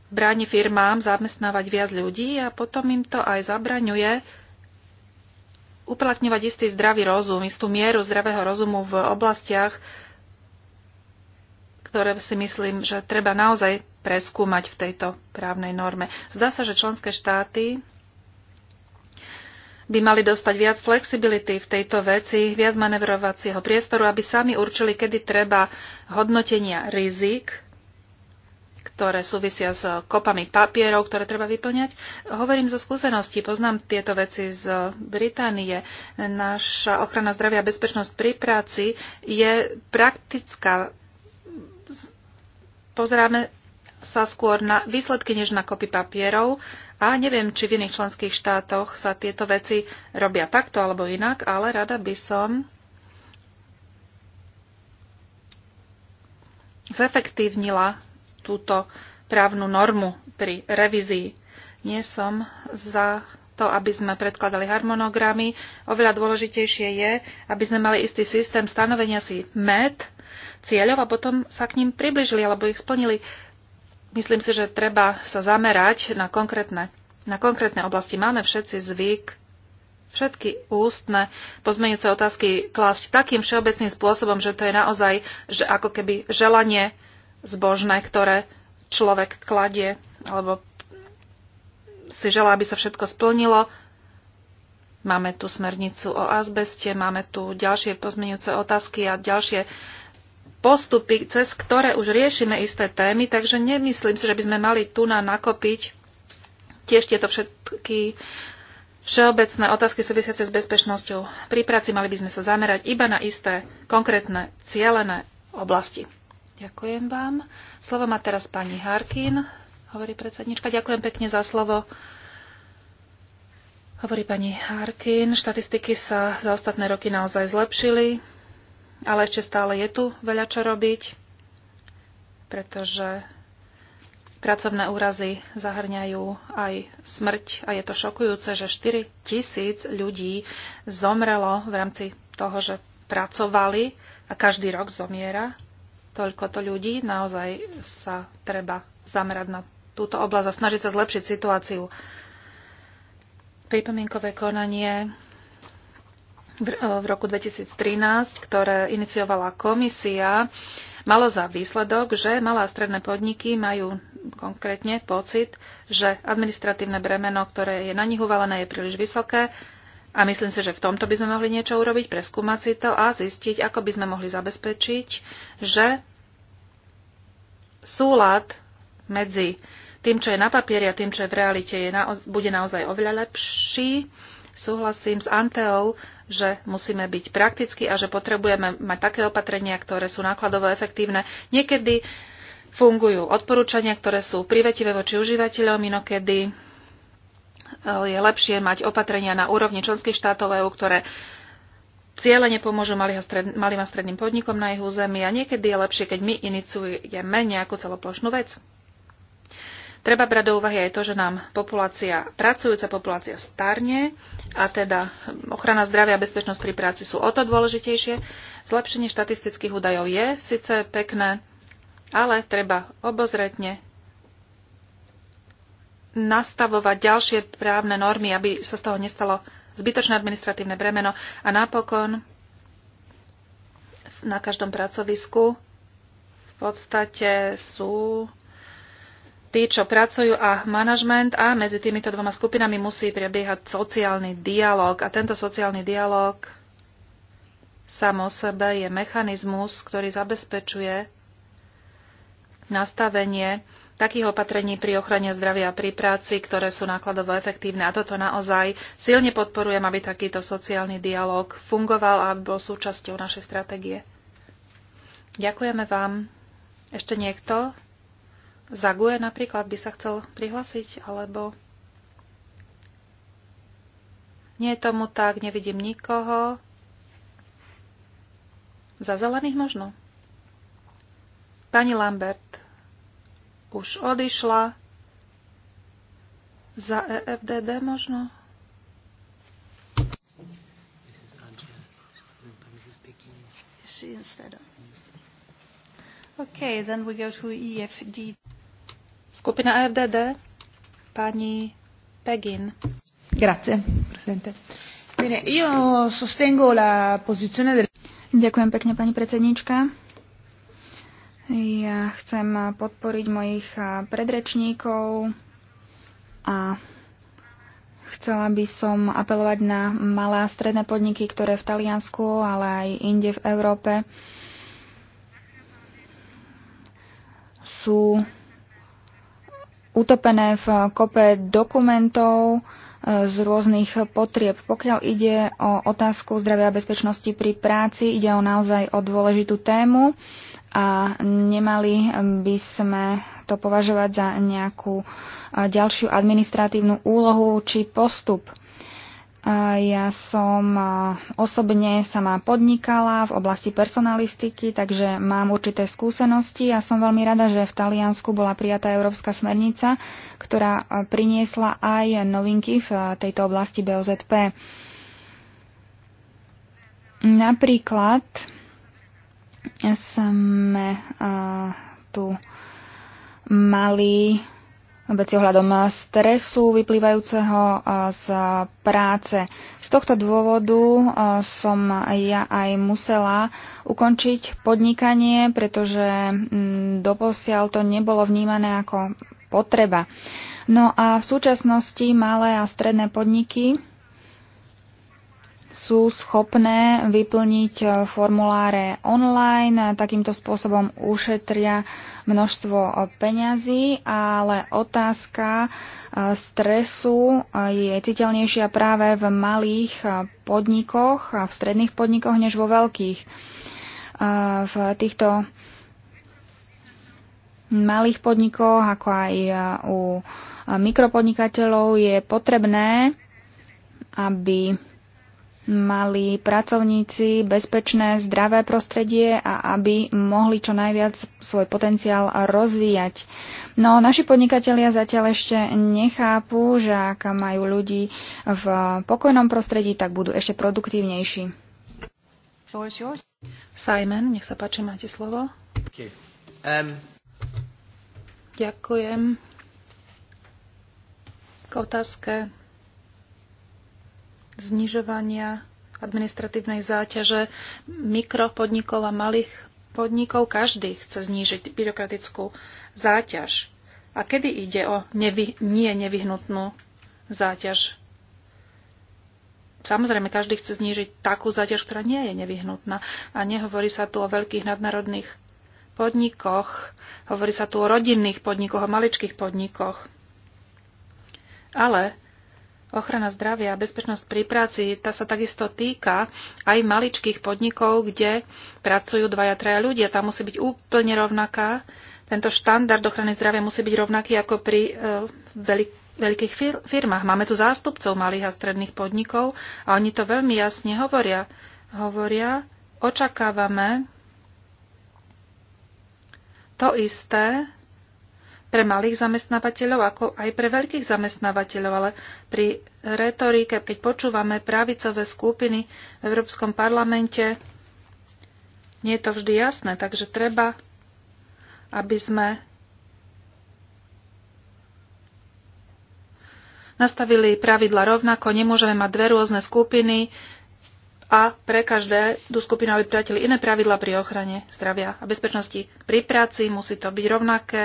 bráni firmám zamestnávať viac ľudí a potom im to aj zabraňuje uplatňovať istý zdravý rozum, istú mieru zdravého rozumu v oblastiach, ktoré si myslím, že treba naozaj preskúmať v tejto právnej norme. Zdá sa, že členské štáty by mali dostať viac flexibility v tejto veci, viac manevrovacieho priestoru, aby sami určili, kedy treba hodnotenia rizik, ktoré súvisia s kopami papierov, ktoré treba vyplňať. Hovorím zo skúseností, poznám tieto veci z Británie. Naša ochrana zdravia a bezpečnosť pri práci je praktická. Pozeráme sa skôr na výsledky, než na kopy papierov a neviem, či v iných členských štátoch sa tieto veci robia takto alebo inak, ale rada by som zefektívnila túto právnu normu pri revízii. Nie som za to, aby sme predkladali harmonogramy. Oveľa dôležitejšie je, aby sme mali istý systém stanovenia si med, cieľov a potom sa k ním približili alebo ich splnili. Myslím si, že treba sa zamerať na konkrétne, na konkrétne oblasti. Máme všetci zvyk všetky ústne pozmeňujúce otázky klásť takým všeobecným spôsobom, že to je naozaj že ako keby želanie zbožné, ktoré človek kladie, alebo si želá, aby sa všetko splnilo. Máme tu smernicu o azbeste, máme tu ďalšie pozmeňujúce otázky a ďalšie postupy, cez ktoré už riešime isté témy, takže nemyslím si, že by sme mali tu na nakopiť tiež tieto všetky všeobecné otázky súvisiace s bezpečnosťou. Pri práci mali by sme sa zamerať iba na isté konkrétne cielené oblasti. Ďakujem vám. Slovo má teraz pani Harkin, hovorí predsednička. Ďakujem pekne za slovo. Hovorí pani Harkin, štatistiky sa za ostatné roky naozaj zlepšili ale ešte stále je tu veľa čo robiť, pretože pracovné úrazy zahrňajú aj smrť a je to šokujúce, že 4 tisíc ľudí zomrelo v rámci toho, že pracovali a každý rok zomiera toľko to ľudí. Naozaj sa treba zamerať na túto oblasť a snažiť sa zlepšiť situáciu. Pripomienkové konanie Eh, v roku 2013, ktoré iniciovala komisia, malo za výsledok, že malé a stredné podniky majú konkrétne pocit, že administratívne bremeno, ktoré je na nich uvalené, je príliš vysoké a myslím si, že v tomto by sme mohli niečo urobiť, preskúmať si to a zistiť, ako by sme mohli zabezpečiť, že súlad medzi tým, čo je na papieri a tým, čo je v realite, je naoz- bude naozaj oveľa lepší. Súhlasím s Anteou, že musíme byť prakticky a že potrebujeme mať také opatrenia, ktoré sú nákladovo efektívne. Niekedy fungujú odporúčania, ktoré sú privetivé voči užívateľom, inokedy e, je lepšie mať opatrenia na úrovni členských štátov EU, ktoré ciele nepomôžu malým a stredným podnikom na ich území a niekedy je lepšie, keď my iniciujeme nejakú celoplošnú vec. Treba brať do úvahy aj to, že nám populácia, pracujúca populácia starne a teda ochrana zdravia a bezpečnosť pri práci sú o to dôležitejšie. Zlepšenie štatistických údajov je síce pekné, ale treba obozretne nastavovať ďalšie právne normy, aby sa z toho nestalo zbytočné administratívne bremeno. A napokon na každom pracovisku v podstate sú tí, čo pracujú a manažment a medzi týmito dvoma skupinami musí prebiehať sociálny dialog. A tento sociálny dialog sám o sebe je mechanizmus, ktorý zabezpečuje nastavenie takých opatrení pri ochrane zdravia pri práci, ktoré sú nákladovo efektívne. A toto naozaj silne podporujem, aby takýto sociálny dialog fungoval a bol súčasťou našej stratégie. Ďakujeme vám. Ešte niekto? Zaguje napríklad by sa chcel prihlásiť, alebo... Nie je tomu tak, nevidím nikoho. Za zelených možno. Pani Lambert už odišla. Za EFDD možno. Okay, then we go to EFDD. Skupina FDD, pani Pegin. Grazie, presidente. Bene, io sostengo la posizione del... Ďakujem pekne, pani predsednička. Ja chcem podporiť mojich predrečníkov a chcela by som apelovať na malé a stredné podniky, ktoré v Taliansku, ale aj inde v Európe sú utopené v kope dokumentov e, z rôznych potrieb. Pokiaľ ide o otázku zdravia a bezpečnosti pri práci, ide o naozaj o dôležitú tému a nemali by sme to považovať za nejakú e, ďalšiu administratívnu úlohu či postup. Ja som osobne sama podnikala v oblasti personalistiky, takže mám určité skúsenosti a som veľmi rada, že v Taliansku bola prijatá európska smernica, ktorá priniesla aj novinky v tejto oblasti BOZP. Napríklad sme tu mali veci ohľadom eh, stresu vyplývajúceho eh, z práce. Z tohto dôvodu eh, som ja aj musela ukončiť podnikanie, pretože mm, doposiaľ to nebolo vnímané ako potreba. No a v súčasnosti malé a stredné podniky sú schopné vyplniť e, formuláre online, takýmto spôsobom ušetria množstvo e, peňazí, ale otázka e, stresu je citeľnejšia práve v malých podnikoch a v stredných podnikoch než vo veľkých. V týchto malých podnikoch, ako aj u mikropodnikateľov, je potrebné, aby mali pracovníci bezpečné, zdravé prostredie a aby mohli čo najviac svoj potenciál rozvíjať. No naši podnikatelia zatiaľ ešte nechápu, že ak majú ľudí v pokojnom prostredí, tak budú ešte produktívnejší. Simon, nech sa páči, máte slovo. Um... Ďakujem. K otázke znižovania administratívnej záťaže mikropodnikov a malých podnikov. Každý chce znížiť byrokratickú záťaž. A kedy ide o nevy, nie nevyhnutnú záťaž? Samozrejme, každý chce znížiť takú záťaž, ktorá nie je nevyhnutná. A nehovorí sa tu o veľkých nadnárodných podnikoch, hovorí sa tu o rodinných podnikoch, o maličkých podnikoch. Ale Ochrana zdravia a bezpečnosť pri práci, tá sa takisto týka aj maličkých podnikov, kde pracujú dvaja, traja ľudia. Tá musí byť úplne rovnaká. Tento štandard ochrany zdravia musí byť rovnaký ako pri e, veľkých firmách. Máme tu zástupcov malých a stredných podnikov a oni to veľmi jasne hovoria. Hovoria, očakávame to isté pre malých zamestnávateľov, ako aj pre veľkých zamestnávateľov, ale pri retorike, keď počúvame pravicové skupiny v Európskom parlamente, nie je to vždy jasné, takže treba, aby sme nastavili pravidla rovnako, nemôžeme mať dve rôzne skupiny a pre každé tú skupinu, aby prijatili iné pravidla pri ochrane zdravia a bezpečnosti pri práci, musí to byť rovnaké,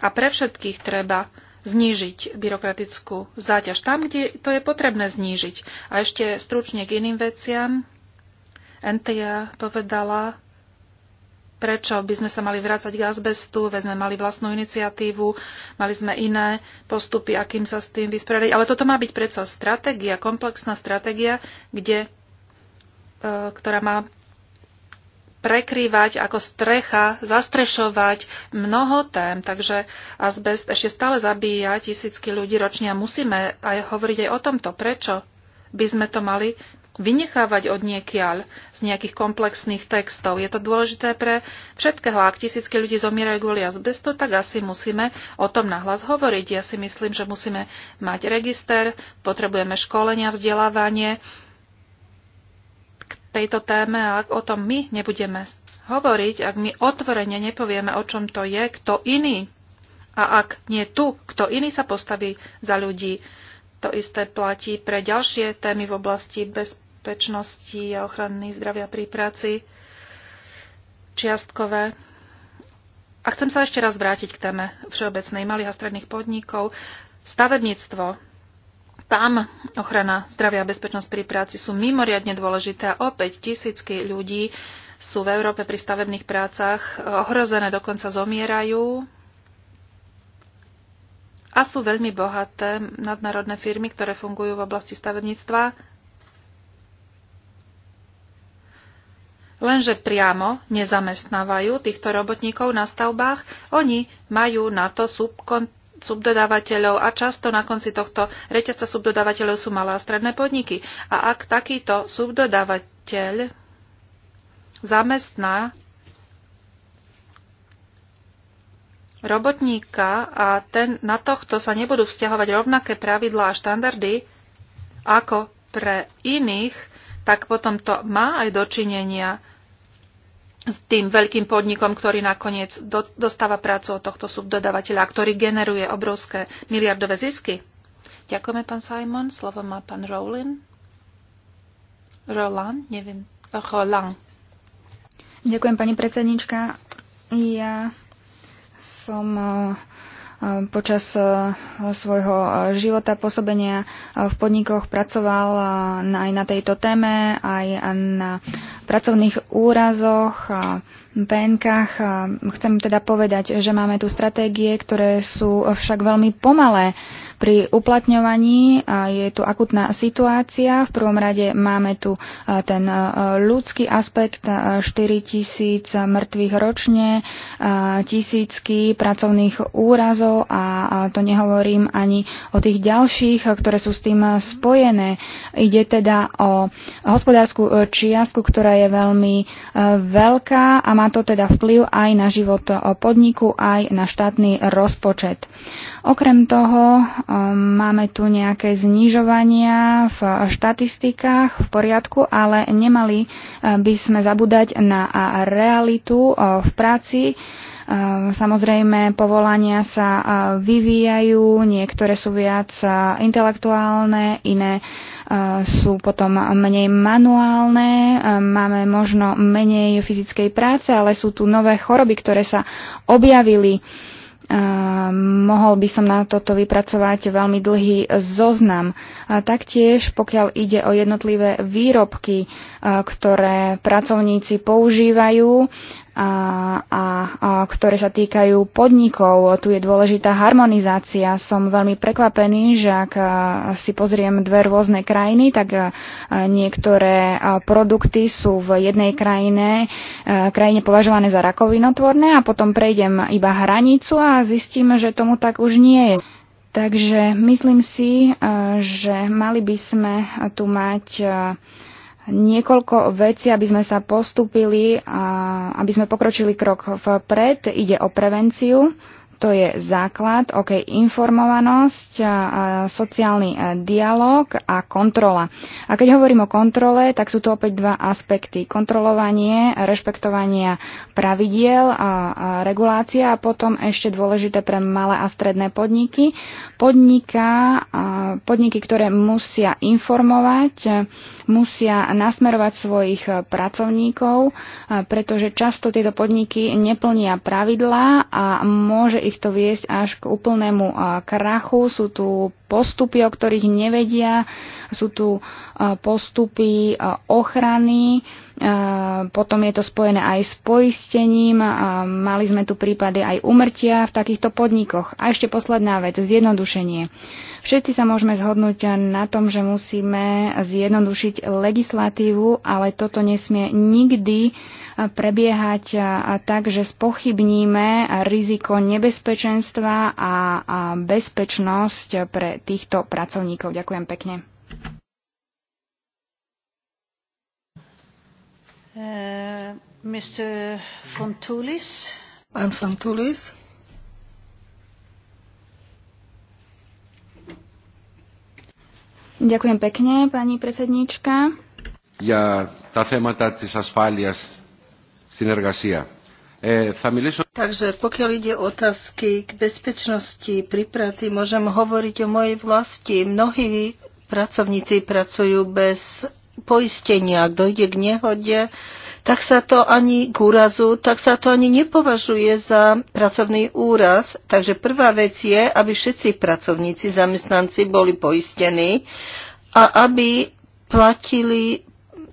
a pre všetkých treba znížiť byrokratickú záťaž tam, kde to je potrebné znížiť. A ešte stručne k iným veciam. NTA povedala, prečo by sme sa mali vrácať k azbestu, veď sme mali vlastnú iniciatívu, mali sme iné postupy, akým sa s tým vysporiadať. Ale toto má byť predsa stratégia, komplexná stratégia, kde, e, ktorá má prekrývať ako strecha, zastrešovať mnoho tém. Takže azbest ešte stále zabíja tisícky ľudí ročne a musíme aj hovoriť aj o tomto. Prečo by sme to mali vynechávať od niekiaľ z nejakých komplexných textov. Je to dôležité pre všetkého. Ak tisícky ľudí zomierajú kvôli azbestu, tak asi musíme o tom nahlas hovoriť. Ja si myslím, že musíme mať register, potrebujeme školenia, vzdelávanie, tejto téme a ak o tom my nebudeme hovoriť, ak my otvorene nepovieme, o čom to je, kto iný a ak nie tu, kto iný sa postaví za ľudí. To isté platí pre ďalšie témy v oblasti bezpečnosti a ochrany zdravia pri práci, čiastkové. A chcem sa ešte raz vrátiť k téme všeobecnej malých a stredných podnikov. Stavebníctvo tam ochrana zdravia a bezpečnosť pri práci sú mimoriadne dôležité a opäť tisícky ľudí sú v Európe pri stavebných prácach e, ohrozené, dokonca zomierajú a sú veľmi bohaté nadnárodné firmy, ktoré fungujú v oblasti stavebníctva. Lenže priamo nezamestnávajú týchto robotníkov na stavbách, oni majú na to subkontrolu subdodávateľov a často na konci tohto reťazca subdodávateľov sú malé a stredné podniky. A ak takýto subdodávateľ zamestná robotníka a ten, na tohto sa nebudú vzťahovať rovnaké pravidlá a štandardy ako pre iných, tak potom to má aj dočinenia s tým veľkým podnikom, ktorý nakoniec do, dostáva prácu od tohto subdodávateľa, ktorý generuje obrovské miliardové zisky. Ďakujeme, pán Simon. Slovo má pán Rowlin. Roland, neviem. Roland. Ďakujem, pani predsednička. Ja som uh, Ehm, počas eh, svojho eh, života, pôsobenia eh, v podnikoch pracoval aj na tejto téme, aj na pracovných úrazoch a penkách. Ehm, chcem teda povedať, že máme tu stratégie, ktoré sú však veľmi pomalé pri uplatňovaní. Je tu akutná situácia. V prvom rade máme tu ten ľudský aspekt, 4 tisíc mŕtvych ročne, tisícky pracovných úrazov a to nehovorím ani o tých ďalších, ktoré sú s tým spojené. Ide teda o hospodárskú e, čiastku, ktorá je veľmi e, veľká a má to teda vplyv aj na život e, podniku, aj na štátny rozpočet. Okrem toho Ehm, máme tu nejaké znižovania v štatistikách v poriadku, ale nemali eh, by sme zabúdať na realitu eh, v práci. Ehm, samozrejme, povolania sa eh, vyvíjajú, niektoré sú viac intelektuálne, iné sú potom menej manuálne, ehm, máme možno menej fyzickej práce, ale sú tu nové choroby, ktoré sa objavili mohol by som na toto vypracovať veľmi dlhý zoznam. Taktiež, pokiaľ ide o jednotlivé výrobky, ktoré pracovníci používajú, a, a, a ktoré sa týkajú podnikov. Tu je dôležitá harmonizácia. Som veľmi prekvapený, že ak si pozriem dve rôzne krajiny, tak niektoré produkty sú v jednej krajine, krajine považované za rakovinotvorné a potom prejdem iba hranicu a zistím, že tomu tak už nie je. Takže myslím si, že mali by sme tu mať niekoľko vecí, aby sme sa postupili a aby sme pokročili krok vpred. Ide o prevenciu to je základ, ok, informovanosť, sociálny e, dialog a kontrola. A keď hovorím o kontrole, tak sú to opäť dva aspekty. Kontrolovanie, rešpektovanie pravidiel a regulácia a potom ešte dôležité pre malé a stredné podniky. a, podniky, ktoré musia informovať, e, musia nasmerovať svojich e, pracovníkov, pretože často tieto podniky neplnia pravidlá a môže ich to viesť až k úplnému krachu. Sú tu postupy, o ktorých nevedia, sú tu postupy ochrany, potom je to spojené aj s poistením, mali sme tu prípady aj umrtia v takýchto podnikoch. A ešte posledná vec, zjednodušenie. Všetci sa môžeme zhodnúť na tom, že musíme zjednodušiť legislatívu, ale toto nesmie nikdy prebiehať tak, že spochybníme riziko nebezpečenstva a bezpečnosť pre týchto pracovníkov. Ďakujem pekne. Uh, Mr. Fontulis. Pán Fontulis. Ďakujem pekne, pani predsedníčka. Ja tá témata tis asfálias synergasia. E, Takže pokiaľ ide o otázky k bezpečnosti pri práci, môžem hovoriť o mojej vlasti. Mnohí pracovníci pracujú bez poistenia. Ak dojde k nehode, tak sa to ani k úrazu, tak sa to ani nepovažuje za pracovný úraz. Takže prvá vec je, aby všetci pracovníci, zamestnanci boli poistení a aby platili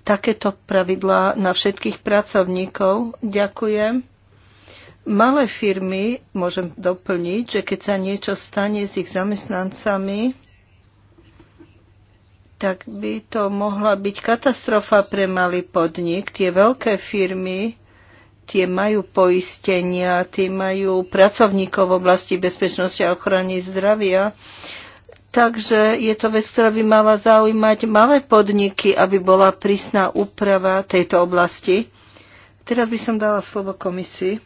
takéto pravidlá na všetkých pracovníkov. Ďakujem. Malé firmy, môžem doplniť, že keď sa niečo stane s ich zamestnancami, tak by to mohla byť katastrofa pre malý podnik. Tie veľké firmy, tie majú poistenia, tie majú pracovníkov v oblasti bezpečnosti a ochrany zdravia. Takže je to vec, ktorá by mala zaujímať malé podniky, aby bola prísna úprava tejto oblasti. Teraz by som dala slovo komisii.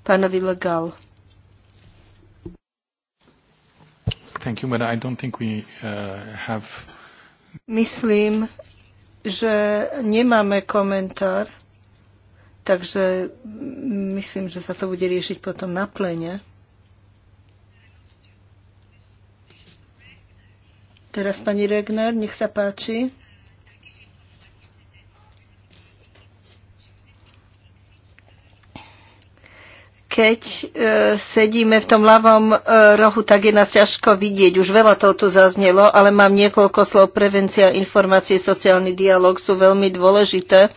Pánovi Legal. Thank you, but I don't think we uh, have... Myslím, že nemáme komentár, takže myslím, že sa to bude riešiť potom na plene. Teraz pani Regner, nech sa páči. keď e, sedíme v tom ľavom e, rohu, tak je nás ťažko vidieť. Už veľa toho tu zaznelo, ale mám niekoľko slov. Prevencia, informácie, sociálny dialog sú veľmi dôležité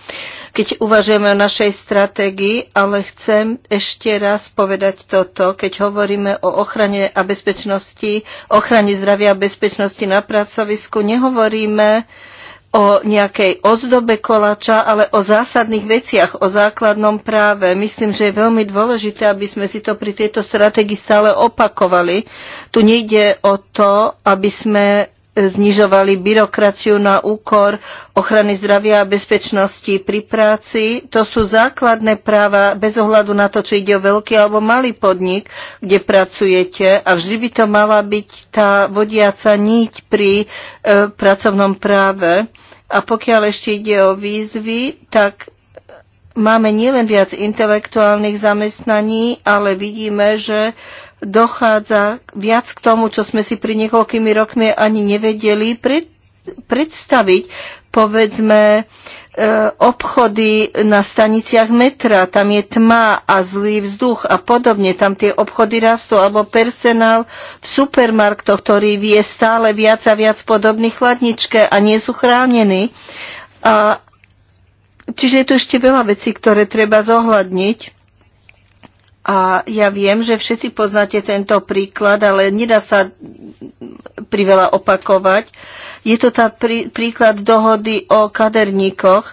keď uvažujeme o našej stratégii, ale chcem ešte raz povedať toto, keď hovoríme o ochrane a bezpečnosti, ochrane zdravia a bezpečnosti na pracovisku, nehovoríme o nejakej ozdobe kolača, ale o zásadných veciach, o základnom práve. Myslím, že je veľmi dôležité, aby sme si to pri tejto strategii stále opakovali. Tu nejde o to, aby sme znižovali byrokraciu na úkor ochrany zdravia a bezpečnosti pri práci. To sú základné práva bez ohľadu na to, či ide o veľký alebo malý podnik, kde pracujete a vždy by to mala byť tá vodiaca niť pri e, pracovnom práve. A pokiaľ ešte ide o výzvy, tak máme nielen viac intelektuálnych zamestnaní, ale vidíme, že dochádza viac k tomu, čo sme si pri niekoľkými rokmi ani nevedeli predstaviť. Povedzme, e, obchody na staniciach metra, tam je tma a zlý vzduch a podobne, tam tie obchody rastú, alebo personál v supermarktoch, ktorý vie stále viac a viac podobných chladničke a nie sú chránení. A, čiže je tu ešte veľa vecí, ktoré treba zohľadniť. A ja viem, že všetci poznáte tento príklad, ale nedá sa priveľa opakovať. Je to tá prí, príklad dohody o kaderníkoch.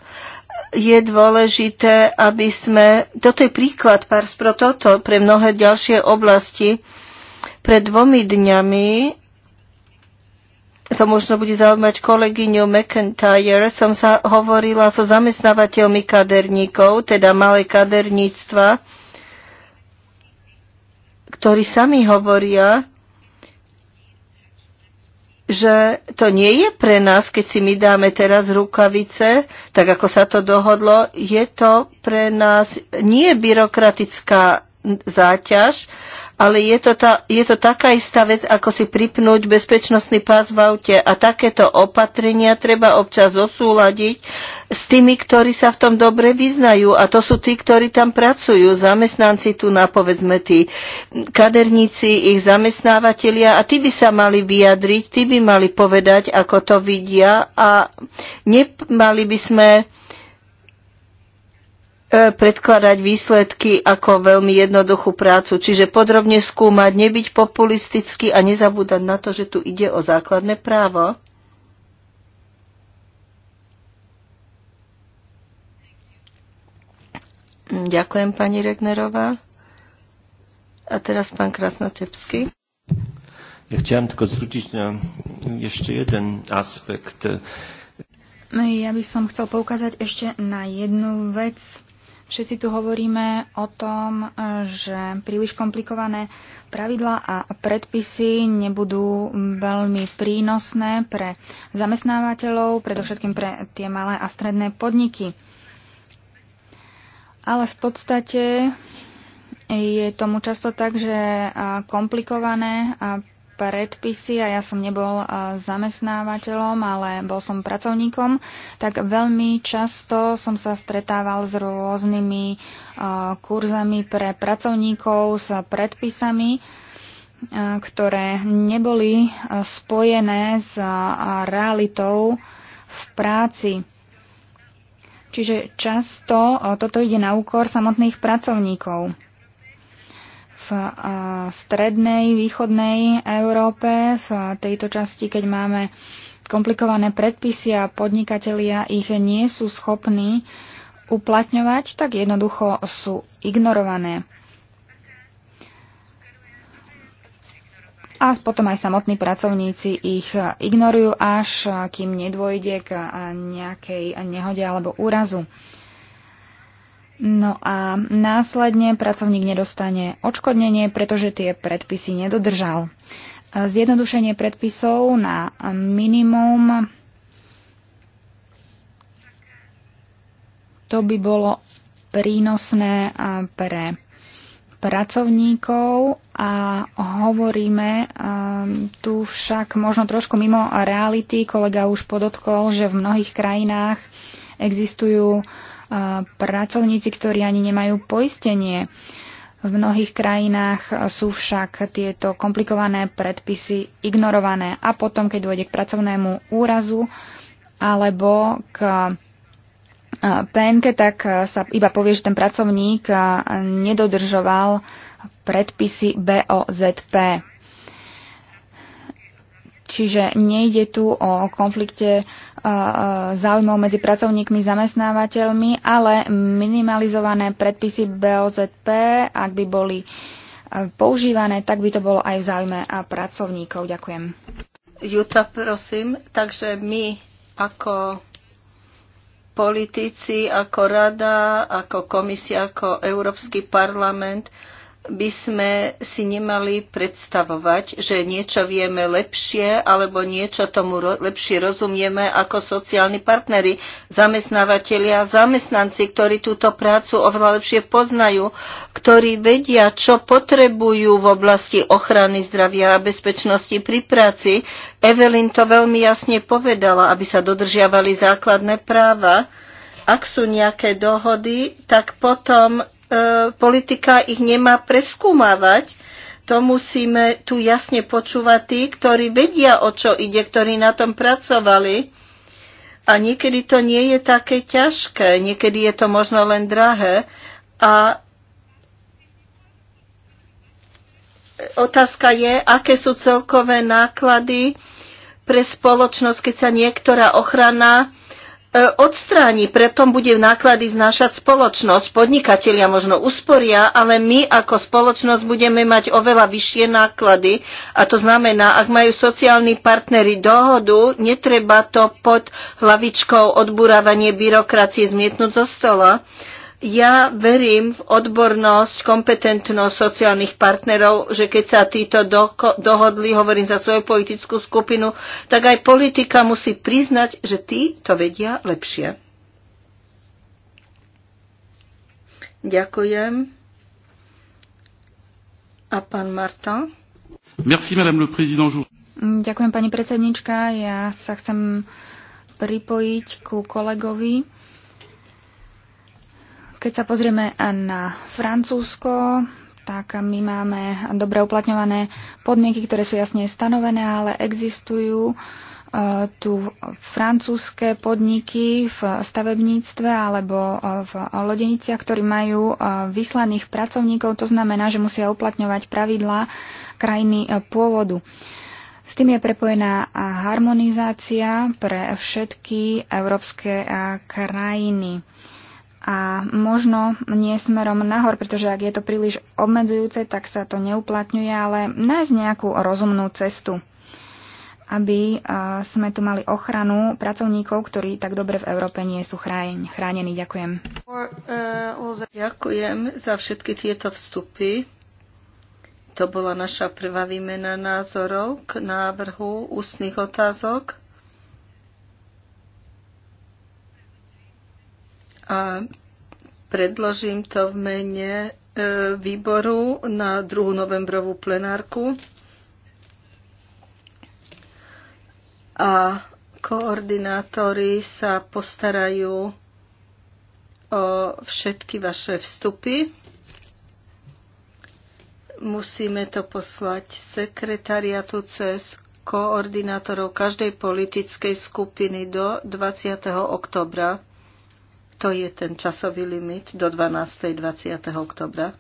Je dôležité, aby sme... Toto je príklad pars pro toto pre mnohé ďalšie oblasti. Pred dvomi dňami to možno bude zaujímať kolegyňu McIntyre, som sa hovorila so zamestnávateľmi kaderníkov, teda malé kaderníctva, ktorí sami hovoria, že to nie je pre nás, keď si my dáme teraz rukavice, tak ako sa to dohodlo, je to pre nás nie byrokratická záťaž, ale je to, ta, je to taká istá vec, ako si pripnúť bezpečnostný pás v aute a takéto opatrenia treba občas osúľadiť s tými, ktorí sa v tom dobre vyznajú a to sú tí, ktorí tam pracujú, zamestnanci tu na povedzme tí kaderníci, ich zamestnávateľia a tí by sa mali vyjadriť, tí by mali povedať, ako to vidia a nemali by sme E, predkladať výsledky ako veľmi jednoduchú prácu, čiže podrobne skúmať, nebyť populistický a nezabúdať na to, že tu ide o základné právo. Ďakujem pani Regnerová. A teraz pán Krasnotepský. Ja chciałem tylko zwrócić na jeszcze jeden aspekt. Ja by som chcel poukázať ešte na jednu vec, Všetci tu hovoríme o tom, že príliš komplikované pravidlá a predpisy nebudú veľmi prínosné pre zamestnávateľov, predovšetkým pre tie malé a stredné podniky. Ale v podstate je tomu často tak, že komplikované predpisy a ja som nebol zamestnávateľom, ale bol som pracovníkom, tak veľmi často som sa stretával s rôznymi kurzami pre pracovníkov, s predpisami, ktoré neboli spojené s realitou v práci. Čiže často toto ide na úkor samotných pracovníkov v strednej, východnej Európe, v tejto časti, keď máme komplikované predpisy a podnikatelia ich nie sú schopní uplatňovať, tak jednoducho sú ignorované. A potom aj samotní pracovníci ich ignorujú, až kým nedôjde k nejakej nehode alebo úrazu. No a následne pracovník nedostane odškodnenie, pretože tie predpisy nedodržal. Zjednodušenie predpisov na minimum to by bolo prínosné pre pracovníkov a hovoríme tu však možno trošku mimo reality. Kolega už podotkol, že v mnohých krajinách existujú uh, pracovníci, ktorí ani nemajú poistenie. V mnohých krajinách sú však tieto komplikované predpisy ignorované a potom, keď dôjde k pracovnému úrazu alebo k PNK, tak sa iba povie, že ten pracovník nedodržoval predpisy BOZP. Čiže nejde tu o konflikte záujmov medzi pracovníkmi, zamestnávateľmi, ale minimalizované predpisy BOZP, ak by boli e, používané, tak by to bolo aj v záujme a pracovníkov. Ďakujem. Juta, prosím. Takže my ako politici, ako rada, ako komisia, ako Európsky parlament, by sme si nemali predstavovať, že niečo vieme lepšie alebo niečo tomu ro- lepšie rozumieme ako sociálni partnery, zamestnávateľia zamestnanci, ktorí túto prácu oveľa lepšie poznajú, ktorí vedia, čo potrebujú v oblasti ochrany zdravia a bezpečnosti pri práci. Evelyn to veľmi jasne povedala, aby sa dodržiavali základné práva ak sú nejaké dohody, tak potom E, politika ich nemá preskúmavať. To musíme tu jasne počúvať tí, ktorí vedia, o čo ide, ktorí na tom pracovali. A niekedy to nie je také ťažké, niekedy je to možno len drahé. A otázka je, aké sú celkové náklady pre spoločnosť, keď sa niektorá ochrana E, odstráni, preto bude náklady znášať spoločnosť. Podnikatelia možno usporia, ale my ako spoločnosť budeme mať oveľa vyššie náklady. A to znamená, ak majú sociálni partnery dohodu, netreba to pod hlavičkou odburávanie byrokracie zmietnúť zo stola. Ja verím v odbornosť, kompetentnosť sociálnych partnerov, že keď sa títo doko- dohodli, hovorím za svoju politickú skupinu, tak aj politika musí priznať, že tí to vedia lepšie. Ďakujem. A pán Martin? Merci, madame le président. Ďakujem, pani predsednička. Ja sa chcem pripojiť ku kolegovi keď sa pozrieme na Francúzsko, tak my máme dobre uplatňované podmienky, ktoré sú jasne stanovené, ale existujú e, tu francúzske podniky v stavebníctve alebo e, v lodeniciach, ktorí majú e, vyslaných pracovníkov. To znamená, že musia uplatňovať pravidlá krajiny pôvodu. S tým je prepojená harmonizácia pre všetky európske krajiny a možno nie smerom nahor, pretože ak je to príliš obmedzujúce, tak sa to neuplatňuje, ale nájsť nejakú rozumnú cestu, aby e, sme tu mali ochranu pracovníkov, ktorí tak dobre v Európe nie sú chránení. Ďakujem. Ďakujem za všetky tieto vstupy. To bola naša prvá výmena názorov k návrhu ústnych otázok. a predložím to v mene e, výboru na 2. novembrovú plenárku. A koordinátori sa postarajú o všetky vaše vstupy. Musíme to poslať sekretariatu cez koordinátorov každej politickej skupiny do 20. oktobra. To je ten časový limit do 12. 20. oktobra.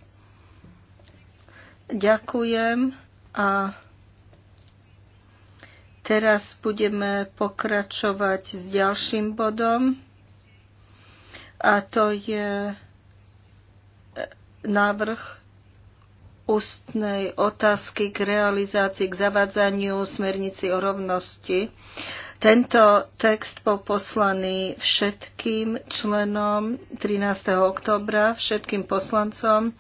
Ďakujem a teraz budeme pokračovať s ďalším bodom a to je e, návrh ústnej otázky k realizácii, k zavádzaniu smernici o rovnosti. Tento text bol poslaný všetkým členom 13. oktobra, všetkým poslancom,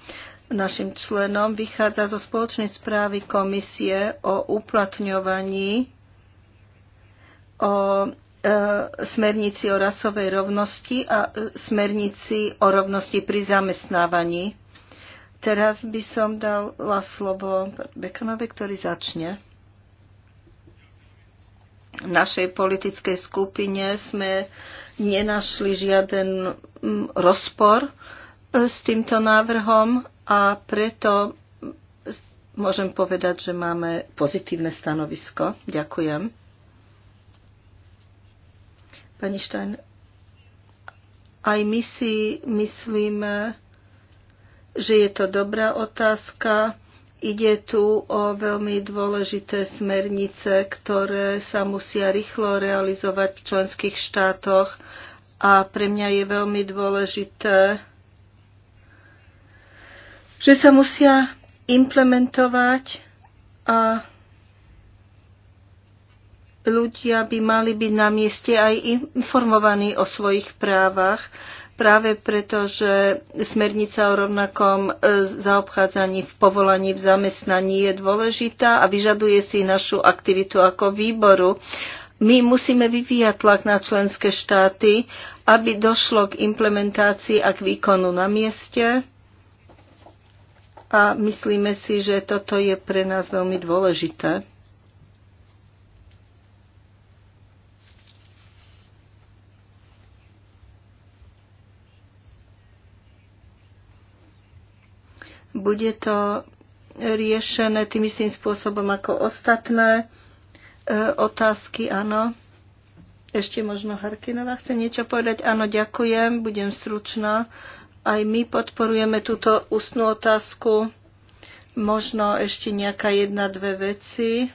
našim členom. Vychádza zo spoločnej správy komisie o uplatňovaní o e, smernici o rasovej rovnosti a e, smernici o rovnosti pri zamestnávaní. Teraz by som dala slovo Bekanovi, ktorý začne našej politickej skupine sme nenašli žiaden mm, rozpor e, s týmto návrhom a preto môžem povedať, že máme pozitívne stanovisko. Ďakujem. Pani Štajn, aj my si myslíme, že je to dobrá otázka Ide tu o veľmi dôležité smernice, ktoré sa musia rýchlo realizovať v členských štátoch a pre mňa je veľmi dôležité, že sa musia implementovať a ľudia by mali byť na mieste aj informovaní o svojich právach práve preto, že smernica o rovnakom e, zaobchádzaní v povolaní v zamestnaní je dôležitá a vyžaduje si našu aktivitu ako výboru. My musíme vyvíjať tlak na členské štáty, aby došlo k implementácii a k výkonu na mieste. A myslíme si, že toto je pre nás veľmi dôležité. Bude to riešené tým istým spôsobom ako ostatné e, otázky, áno. Ešte možno Harkinová chce niečo povedať. Áno, ďakujem, budem stručná. Aj my podporujeme túto ústnú otázku. Možno ešte nejaká jedna, dve veci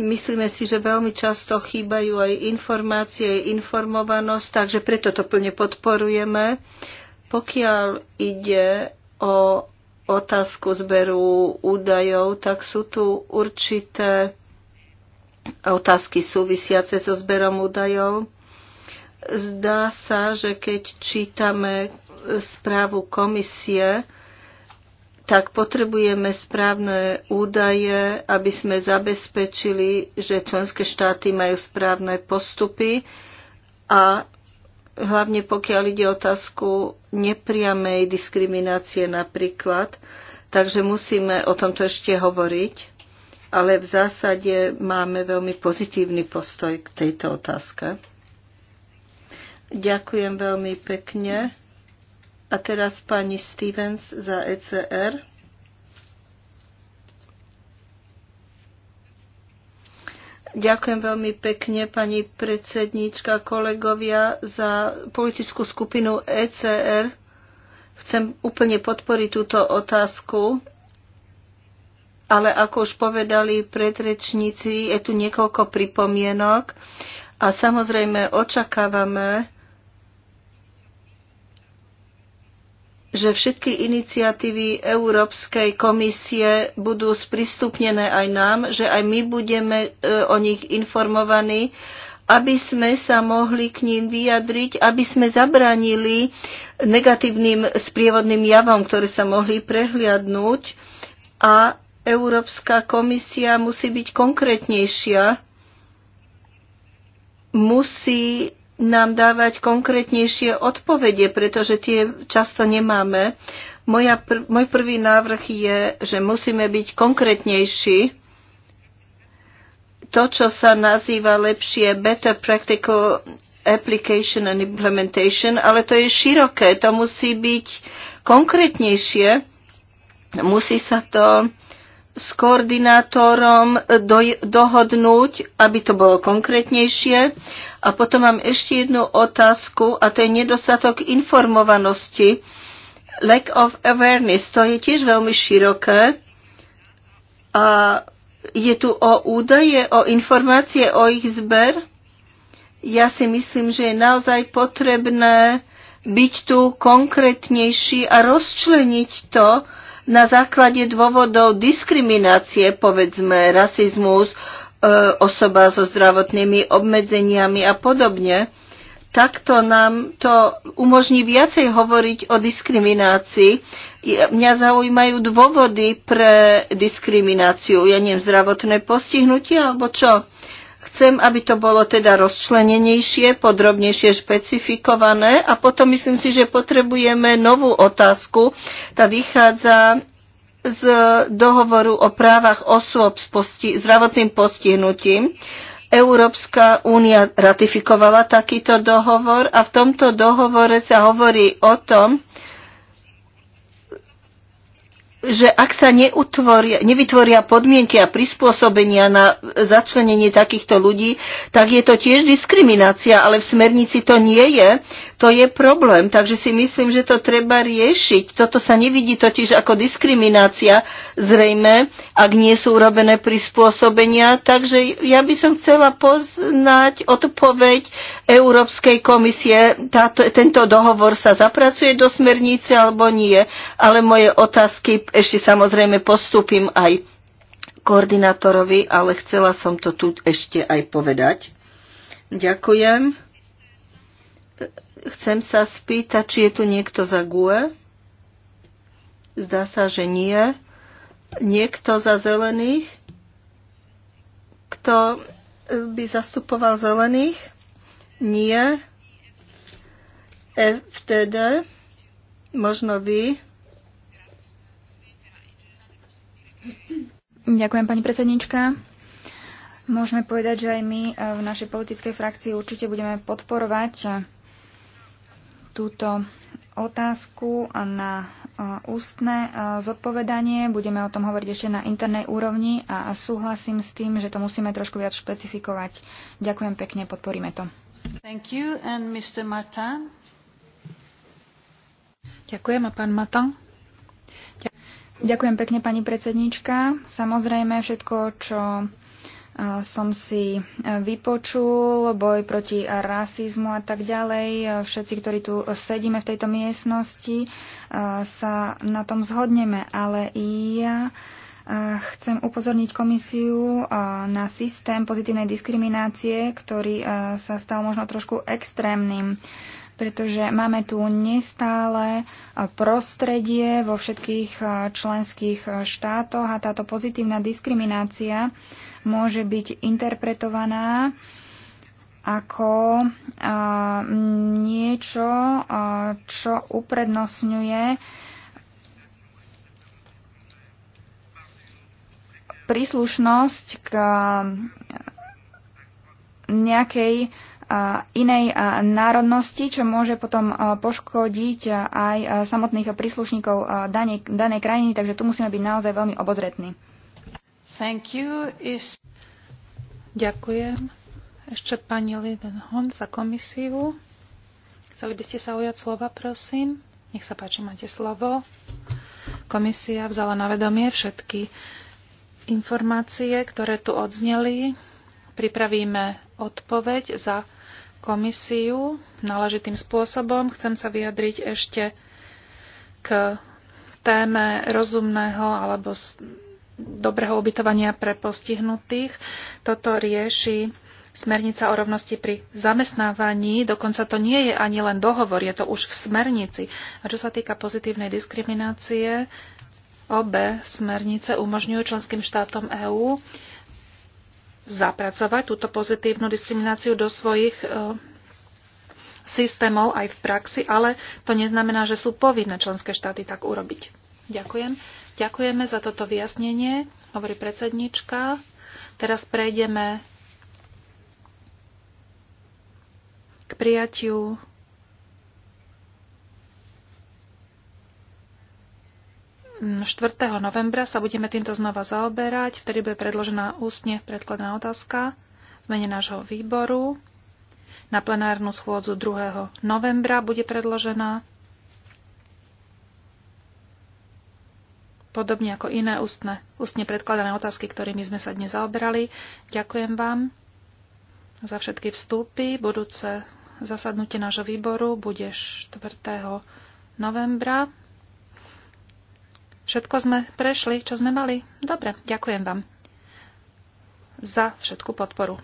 myslíme si, že veľmi často chýbajú aj informácie, informovanosť, takže preto to plne podporujeme. Pokiaľ ide o otázku zberu údajov, tak sú tu určité otázky súvisiace so zberom údajov. Zdá sa, že keď čítame správu komisie, tak potrebujeme správne údaje, aby sme zabezpečili, že členské štáty majú správne postupy a hlavne pokiaľ ide o otázku nepriamej diskriminácie napríklad. Takže musíme o tomto ešte hovoriť, ale v zásade máme veľmi pozitívny postoj k tejto otázke. Ďakujem veľmi pekne. A teraz pani Stevens za ECR. Ďakujem veľmi pekne, pani predsednička kolegovia, za politickú skupinu ECR. Chcem úplne podporiť túto otázku, ale ako už povedali predrečníci, je tu niekoľko pripomienok a samozrejme očakávame, že všetky iniciatívy Európskej komisie budú sprístupnené aj nám, že aj my budeme e, o nich informovaní, aby sme sa mohli k ním vyjadriť, aby sme zabranili negatívnym sprievodným javom, ktoré sa mohli prehliadnúť. A Európska komisia musí byť konkrétnejšia, musí nám dávať konkrétnejšie odpovede, pretože tie často nemáme. Moja pr- môj prvý návrh je, že musíme byť konkrétnejší. To, čo sa nazýva lepšie Better Practical Application and Implementation, ale to je široké, to musí byť konkrétnejšie. Musí sa to s koordinátorom do, dohodnúť, aby to bolo konkrétnejšie a potom mám ešte jednu otázku a to je nedostatok informovanosti. Lack of awareness, to je tiež veľmi široké. A je tu o údaje, o informácie, o ich zber. Ja si myslím, že je naozaj potrebné byť tu konkrétnejší a rozčleniť to na základe dôvodov diskriminácie, povedzme, rasizmus, E, osoba so zdravotnými obmedzeniami a podobne. tak to nám to umožní viacej hovoriť o diskriminácii. Mňa zaujímajú dôvody pre diskrimináciu. Ja neviem, zdravotné postihnutie alebo čo? Chcem, aby to bolo teda rozčlenenejšie, podrobnejšie špecifikované a potom myslím si, že potrebujeme novú otázku. Tá vychádza z dohovoru o právach osôb s posti- zdravotným postihnutím. Európska únia ratifikovala takýto dohovor a v tomto dohovore sa hovorí o tom, že ak sa neutvoria, nevytvoria podmienky a prispôsobenia na začlenenie takýchto ľudí, tak je to tiež diskriminácia, ale v smernici to nie je. To je problém, takže si myslím, že to treba riešiť. Toto sa nevidí totiž ako diskriminácia, zrejme, ak nie sú urobené prispôsobenia. Takže ja by som chcela poznať odpoveď Európskej komisie. Táto, tento dohovor sa zapracuje do smernice alebo nie, ale moje otázky ešte samozrejme postupím aj koordinátorovi, ale chcela som to tu ešte aj povedať. Ďakujem. Chcem sa spýtať, či je tu niekto za GUE. Zdá sa, že nie. Niekto za zelených? Kto eh, by zastupoval zelených? Nie. FTD? Možno vy? Ďakujem, pani predsednička. Môžeme povedať, že aj my eh, v našej politickej frakcii určite budeme podporovať eh, túto otázku na ústne zodpovedanie. Budeme o tom hovoriť ešte na internej úrovni a súhlasím s tým, že to musíme trošku viac špecifikovať. Ďakujem pekne, podporíme to. Thank you and Mr. Martin. Ďakujem a pán Matan. Ďakujem pekne, pani predsednička. Samozrejme, všetko, čo som si e, vypočul, boj proti rasizmu a tak ďalej. E, všetci, ktorí tu sedíme v tejto miestnosti, e, sa na tom zhodneme, ale ja chcem upozorniť komisiu na systém pozitívnej diskriminácie, ktorý sa stal možno trošku extrémnym pretože máme tu nestále prostredie vo všetkých členských štátoch a táto pozitívna diskriminácia môže byť interpretovaná ako niečo, čo uprednostňuje príslušnosť k nejakej inej národnosti, čo môže potom e, poškodiť e, aj e, samotných príslušníkov danej, danej krajiny, takže tu musíme byť naozaj veľmi obozretní. Thank you. Is... Ďakujem. Ešte pani Lidenhon za komisiu. Chceli by ste sa ujať slova, prosím? Nech sa páči, máte slovo. Komisia vzala na vedomie všetky informácie, ktoré tu odzneli. Pripravíme odpoveď za komisiu náležitým spôsobom. Chcem sa vyjadriť ešte k téme rozumného alebo dobrého ubytovania pre postihnutých. Toto rieši smernica o rovnosti pri zamestnávaní. Dokonca to nie je ani len dohovor, je to už v smernici. A čo sa týka pozitívnej diskriminácie, obe smernice umožňujú členským štátom EÚ zapracovať túto pozitívnu diskrimináciu do svojich e, systémov aj v praxi, ale to neznamená, že sú povinné členské štáty tak urobiť. Ďakujem. Ďakujeme za toto vyjasnenie, hovorí predsednička. Teraz prejdeme k prijatiu 4. novembra sa budeme týmto znova zaoberať, vtedy bude predložená ústne predkladná otázka v mene nášho výboru. Na plenárnu schôdzu 2. novembra bude predložená. Podobne ako iné ústne, ústne predkladané otázky, ktorými sme sa dnes zaoberali. Ďakujem vám za všetky vstupy. Budúce zasadnutie nášho výboru bude 4. novembra Všetko sme prešli, čo sme mali? Dobre, ďakujem vám za všetku podporu.